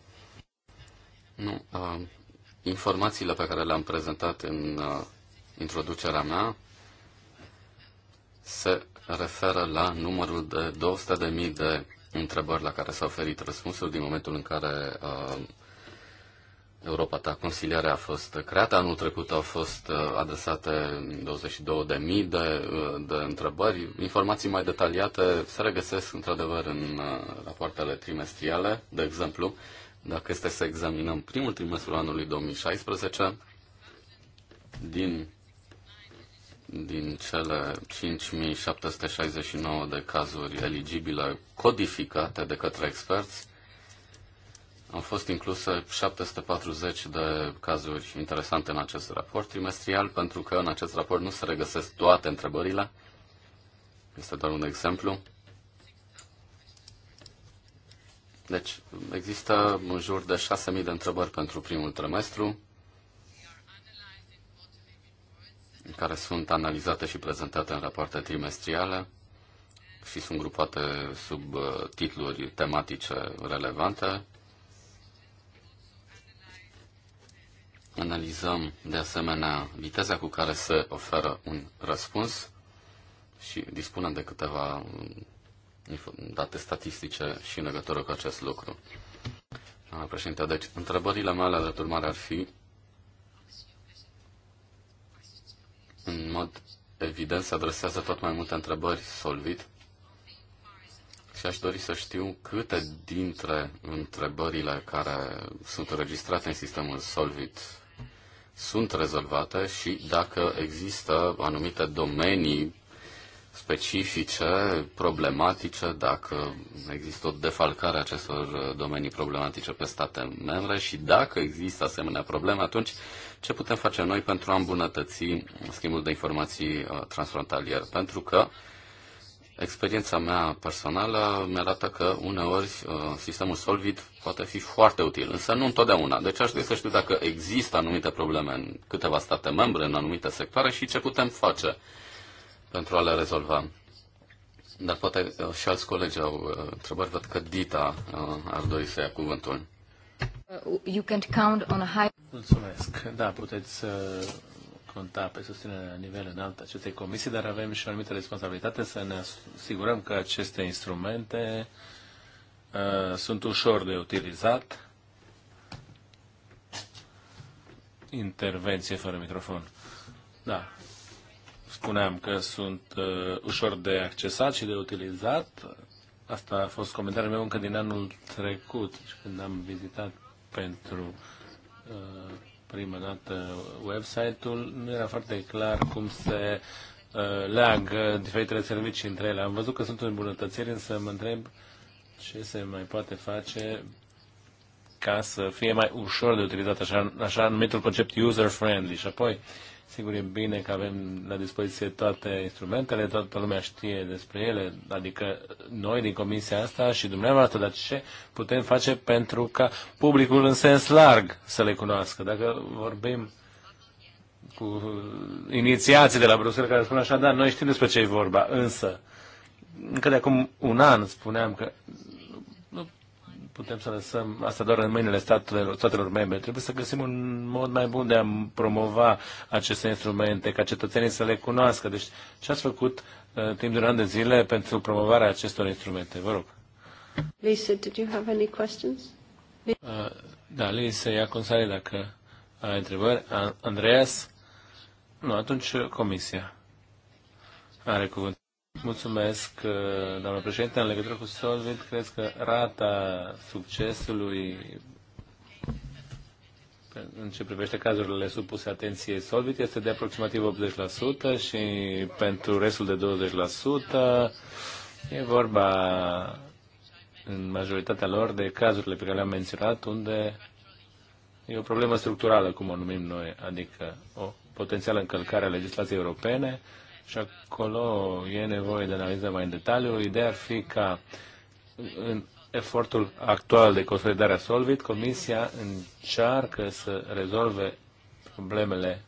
Nu. Informațiile pe care le-am prezentat în introducerea mea se referă la numărul de 200.000 de întrebări la care s-au oferit răspunsul din momentul în care uh, Europa ta consiliare a fost creată. Anul trecut au fost uh, adresate 22.000 de, uh, de întrebări. Informații mai detaliate se regăsesc într-adevăr în uh, rapoartele trimestriale, de exemplu. Dacă este să examinăm primul trimestru anului 2016, din din cele 5769 de cazuri eligibile codificate de către experți, au fost incluse 740 de cazuri interesante în acest raport trimestrial, pentru că în acest raport nu se regăsesc toate întrebările. Este doar un exemplu. Deci, există în jur de 6.000 de întrebări pentru primul trimestru, care sunt analizate și prezentate în rapoarte trimestriale și sunt grupate sub uh, titluri tematice relevante. Analizăm de asemenea viteza cu care se oferă un răspuns și dispunem de câteva um, date statistice și în legătură cu acest lucru. Președinte, deci întrebările mele de urmare ar fi în mod evident se adresează tot mai multe întrebări solvit și aș dori să știu câte dintre întrebările care sunt înregistrate în sistemul solvit sunt rezolvate și dacă există anumite domenii specifice, problematice, dacă există o defalcare a acestor domenii problematice pe state membre și dacă există asemenea probleme, atunci ce putem face noi pentru a îmbunătăți schimbul de informații uh, transfrontalier? Pentru că experiența mea personală mi arată că uneori uh, sistemul Solvit poate fi foarte util, însă nu întotdeauna. Deci aș trebui să știu dacă există anumite probleme în câteva state membre, în anumite sectoare și ce putem face pentru a le rezolva. Dar poate uh, și alți colegi au întrebări, văd că Dita ar dori să ia cuvântul. Uh, you can count on a high... Mulțumesc. Da, puteți uh, conta pe susținerea la nivel înalt acestei comisii, dar avem și o anumită responsabilitate să ne asigurăm că aceste instrumente uh, sunt ușor de utilizat. Intervenție fără microfon. Da. Spuneam că sunt uh, ușor de accesat și de utilizat Asta a fost comentariul meu încă din anul trecut, deci când am vizitat pentru uh, prima dată website-ul, nu era foarte clar cum se uh, leagă diferitele servicii între ele. Am văzut că sunt îmbunătățiri, însă mă întreb ce se mai poate face ca să fie mai ușor de utilizat, așa, așa numitul concept user-friendly. Și apoi, uh, Sigur, e bine că avem la dispoziție toate instrumentele, toată lumea știe despre ele, adică noi din comisia asta și dumneavoastră, dar ce putem face pentru ca publicul în sens larg să le cunoască? Dacă vorbim cu inițiații de la Bruxelles care spun așa, da, noi știm despre ce e vorba, însă încă de acum un an spuneam că putem să lăsăm asta doar în mâinile statelor, statelor membre. Trebuie să găsim un mod mai bun de a promova aceste instrumente, ca cetățenii să le cunoască. Deci, ce ați făcut uh, timp de un an de zile pentru promovarea acestor instrumente? Vă rog. Lisa, did you have any questions? Uh, da, Lisa, ia consare dacă ai întrebări. Andreas? Nu, atunci uh, Comisia are cuvântul. Mulțumesc, uh, doamnă președinte. În legătură cu Solvit, cred că rata succesului în ce privește cazurile supuse atenției Solvit este de aproximativ 80% și pentru restul de 20% e vorba în majoritatea lor de cazurile pe care le-am menționat unde e o problemă structurală, cum o numim noi, adică o potențială încălcare a legislației europene și acolo e nevoie de analiză mai în detaliu. Ideea ar fi ca în efortul actual de consolidare a Solvit, Comisia încearcă să rezolve problemele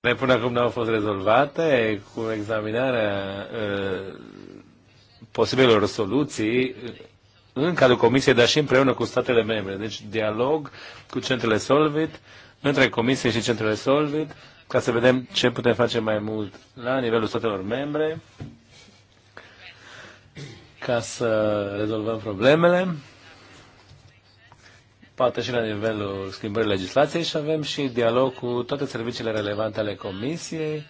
care până acum nu au fost rezolvate cu examinarea uh, posibilor soluții în cadrul Comisiei, dar și împreună cu statele membre. Deci dialog cu centrele Solvit, uh, între Comisie și centrele Solvit ca să vedem ce putem face mai mult la nivelul statelor membre ca să rezolvăm problemele, poate și la nivelul schimbării legislației și avem și dialog cu toate serviciile relevante ale Comisiei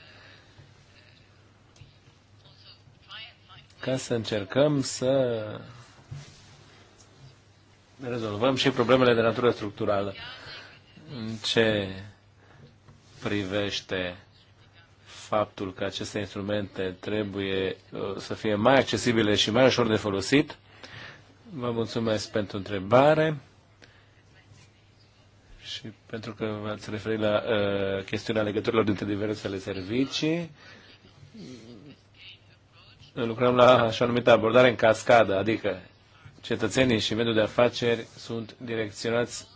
ca să încercăm să rezolvăm și problemele de natură structurală. În ce privește faptul că aceste instrumente trebuie uh, să fie mai accesibile și mai ușor de folosit, vă mulțumesc pentru întrebare și pentru că v-ați referit la uh, chestiunea legăturilor dintre diversele servicii. Lucrăm la așa numită abordare în cascadă, adică cetățenii și mediul de afaceri sunt direcționați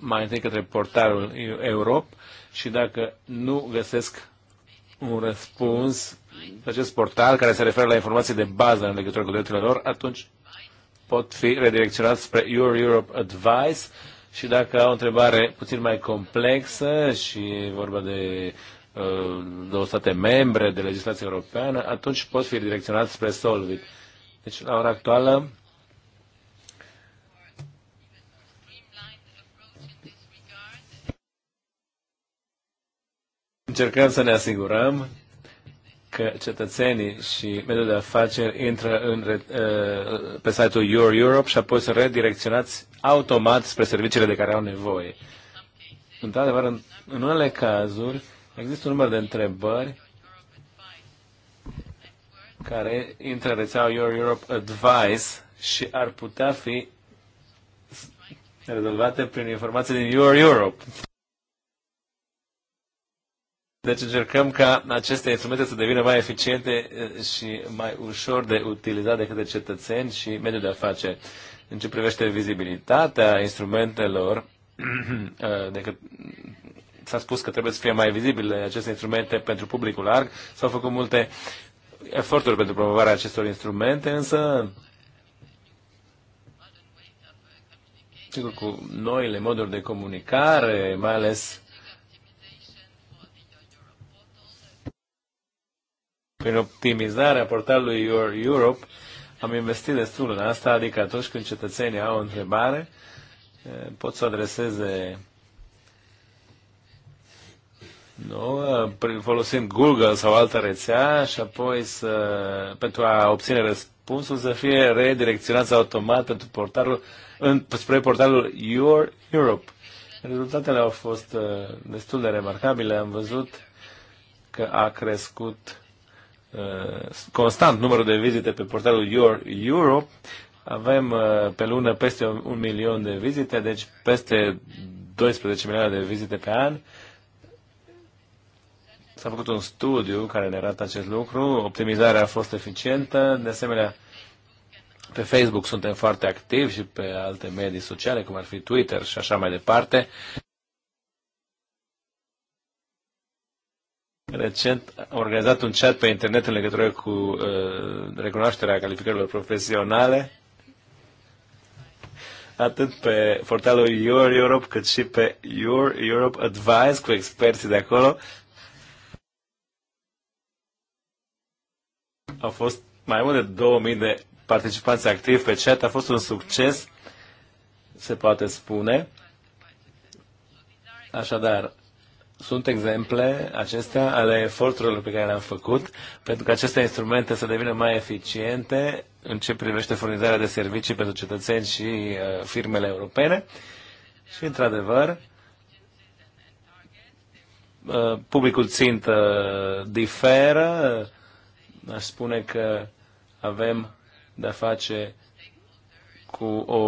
mai întâi către portalul Europe și dacă nu găsesc un răspuns pe acest portal care se referă la informații de bază în legătură cu drepturile lor, atunci pot fi redirecționați spre Your Europe Advice și dacă au o întrebare puțin mai complexă și vorba de uh, două state membre de legislație europeană, atunci pot fi redirecționați spre Solvit. Deci, la ora actuală, încercăm să ne asigurăm că cetățenii și mediul de afaceri intră în, uh, pe site-ul Your Europe și apoi să redirecționați automat spre serviciile de care au nevoie. Într-adevăr, în, în unele cazuri, există un număr de întrebări care intră în rețeaua Your Europe Advice și ar putea fi rezolvate prin informații din Your Europe. Deci încercăm ca aceste instrumente să devină mai eficiente și mai ușor de utilizat de către cetățeni și mediul de afaceri. În ce privește vizibilitatea instrumentelor, s-a spus că trebuie să fie mai vizibile aceste instrumente pentru publicul larg. S-au făcut multe eforturi pentru promovarea acestor instrumente, însă sigur, cu noile moduri de comunicare, mai ales prin optimizarea portalului Your Europe, am investit destul în asta, adică atunci când cetățenii au o întrebare, eh, pot să adreseze nu, eh, folosind Google sau altă rețea și apoi să, pentru a obține răspunsul să fie redirecționat automat pentru portalul, în, spre portalul Your Europe. Rezultatele au fost eh, destul de remarcabile. Am văzut că a crescut Uh, constant numărul de vizite pe portalul Your Europe. Avem uh, pe lună peste un milion de vizite, deci peste 12 milioane de vizite pe an. S-a făcut un studiu care ne arată acest lucru. Optimizarea a fost eficientă. De asemenea, pe Facebook suntem foarte activi și pe alte medii sociale, cum ar fi Twitter și așa mai departe. Recent a organizat un chat pe internet în legătură cu uh, recunoașterea calificărilor profesionale, atât pe portalul Your Europe, cât și pe Your Europe Advice cu experții de acolo. Au fost mai mult de 2000 de participanți activi pe chat. A fost un succes, se poate spune. Așadar, sunt exemple acestea ale eforturilor pe care le-am făcut pentru că aceste instrumente să devină mai eficiente în ce privește furnizarea de servicii pentru cetățeni și uh, firmele europene. Și, într-adevăr, uh, publicul țintă diferă. Aș spune că avem de-a face cu o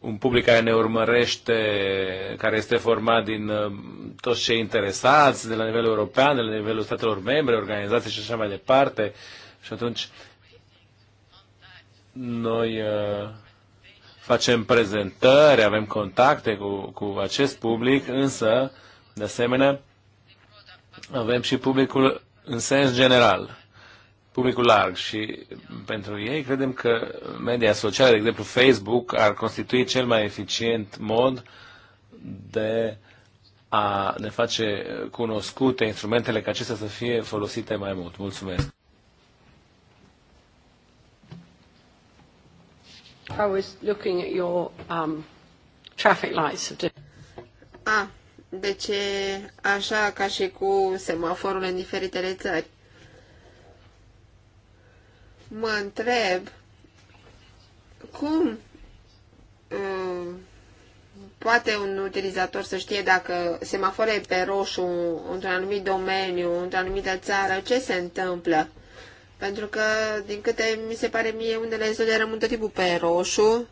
un public care ne urmărește, care este format din uh, toți cei interesați de la nivel european, de la nivelul statelor membre, organizații și așa mai departe. Și atunci noi uh, facem prezentări, avem contacte cu, cu acest public, însă, de asemenea, avem și publicul în sens general publicul larg și pentru ei credem că media socială, de exemplu Facebook, ar constitui cel mai eficient mod de a ne face cunoscute instrumentele ca acestea să fie folosite mai mult. Mulțumesc! I was looking at your um, traffic lights. Ah, deci așa ca și cu semaforul în diferitele țări mă întreb cum uh, poate un utilizator să știe dacă semaforul e pe roșu într-un anumit domeniu, într-o anumită țară, ce se întâmplă. Pentru că, din câte mi se pare mie, unele zone rămân tot timpul pe roșu.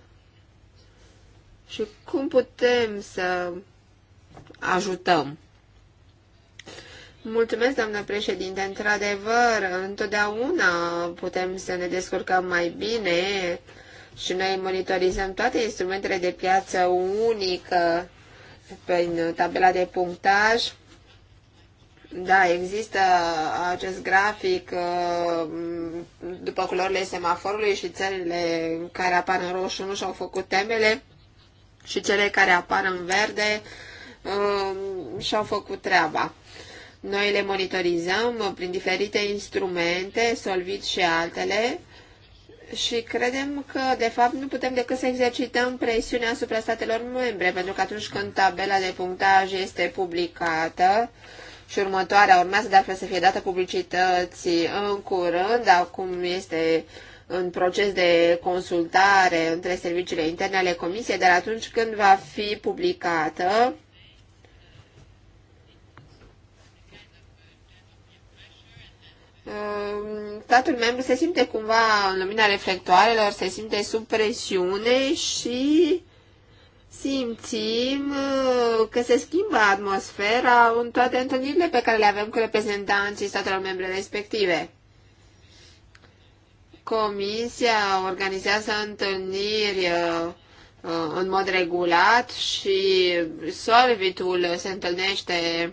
Și cum putem să ajutăm? Mulțumesc, doamnă președinte. Într-adevăr, întotdeauna putem să ne descurcăm mai bine și noi monitorizăm toate instrumentele de piață unică prin tabela de punctaj. Da, există acest grafic uh, după culorile semaforului și țările care apar în roșu nu și-au făcut temele și cele care apar în verde uh, și-au făcut treaba. Noi le monitorizăm prin diferite instrumente, Solvit și altele, și credem că, de fapt, nu putem decât să exercităm presiunea asupra statelor membre, pentru că atunci când tabela de punctaj este publicată și următoarea urmează de să fie dată publicității în curând, acum este în proces de consultare între serviciile interne ale Comisiei, dar atunci când va fi publicată, Ehm, statul membru se simte cumva în lumina reflectoarelor, se simte sub presiune și simțim uh, că se schimbă atmosfera în toate întâlnirile pe care le avem cu reprezentanții statelor membre respective. Comisia organizează întâlniri uh, uh, în mod regulat și Solvitul se întâlnește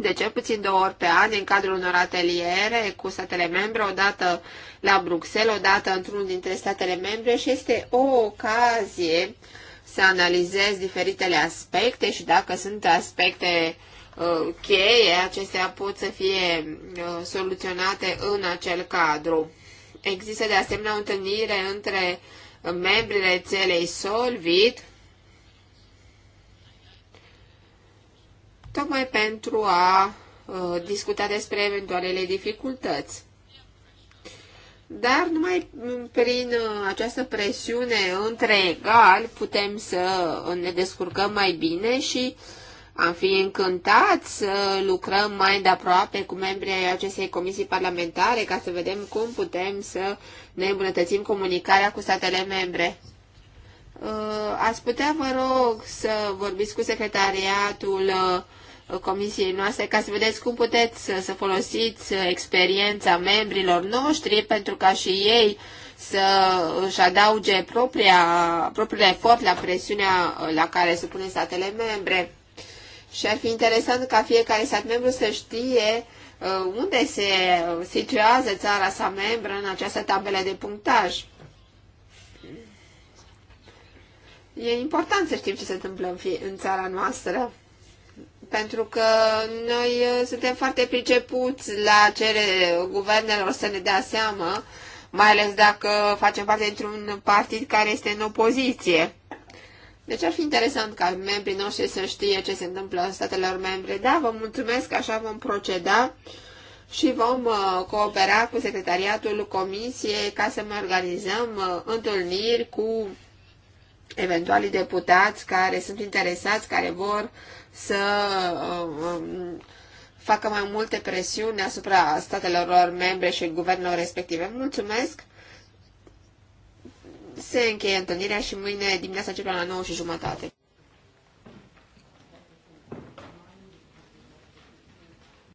de cel puțin două ori pe an în cadrul unor ateliere cu statele membre, odată la Bruxelles, odată într-unul dintre statele membre și este o ocazie să analizez diferitele aspecte și dacă sunt aspecte uh, cheie, acestea pot să fie uh, soluționate în acel cadru. Există de asemenea o întâlnire între membrii rețelei Solvit tocmai pentru a uh, discuta despre eventualele dificultăți. Dar numai prin uh, această presiune între egali putem să ne descurcăm mai bine și am fi încântați să lucrăm mai de aproape cu membrii ai acestei comisii parlamentare ca să vedem cum putem să ne îmbunătățim comunicarea cu statele membre. Uh, ați putea, vă rog, să vorbiți cu secretariatul uh, comisiei noastre ca să vedeți cum puteți să folosiți experiența membrilor noștri pentru ca și ei să își adauge propria, propriul efort la presiunea la care se pune statele membre. Și ar fi interesant ca fiecare stat membru să știe uh, unde se situează țara sa membră în această tabelă de punctaj. E important să știm ce se întâmplă în, fie, în țara noastră pentru că noi uh, suntem foarte pricepuți la cere guvernelor să ne dea seama, mai ales dacă facem parte dintr-un partid care este în opoziție. Deci ar fi interesant ca membrii noștri să știe ce se întâmplă în statelor membre. Da, vă mulțumesc, așa vom proceda și vom uh, coopera cu secretariatul comisiei ca să ne organizăm uh, întâlniri cu eventualii deputați care sunt interesați, care vor să uh, um, facă mai multe presiuni asupra statelor lor membre și guvernelor respective. Mulțumesc! Se încheie întâlnirea și mâine dimineața începe la 9 și jumătate.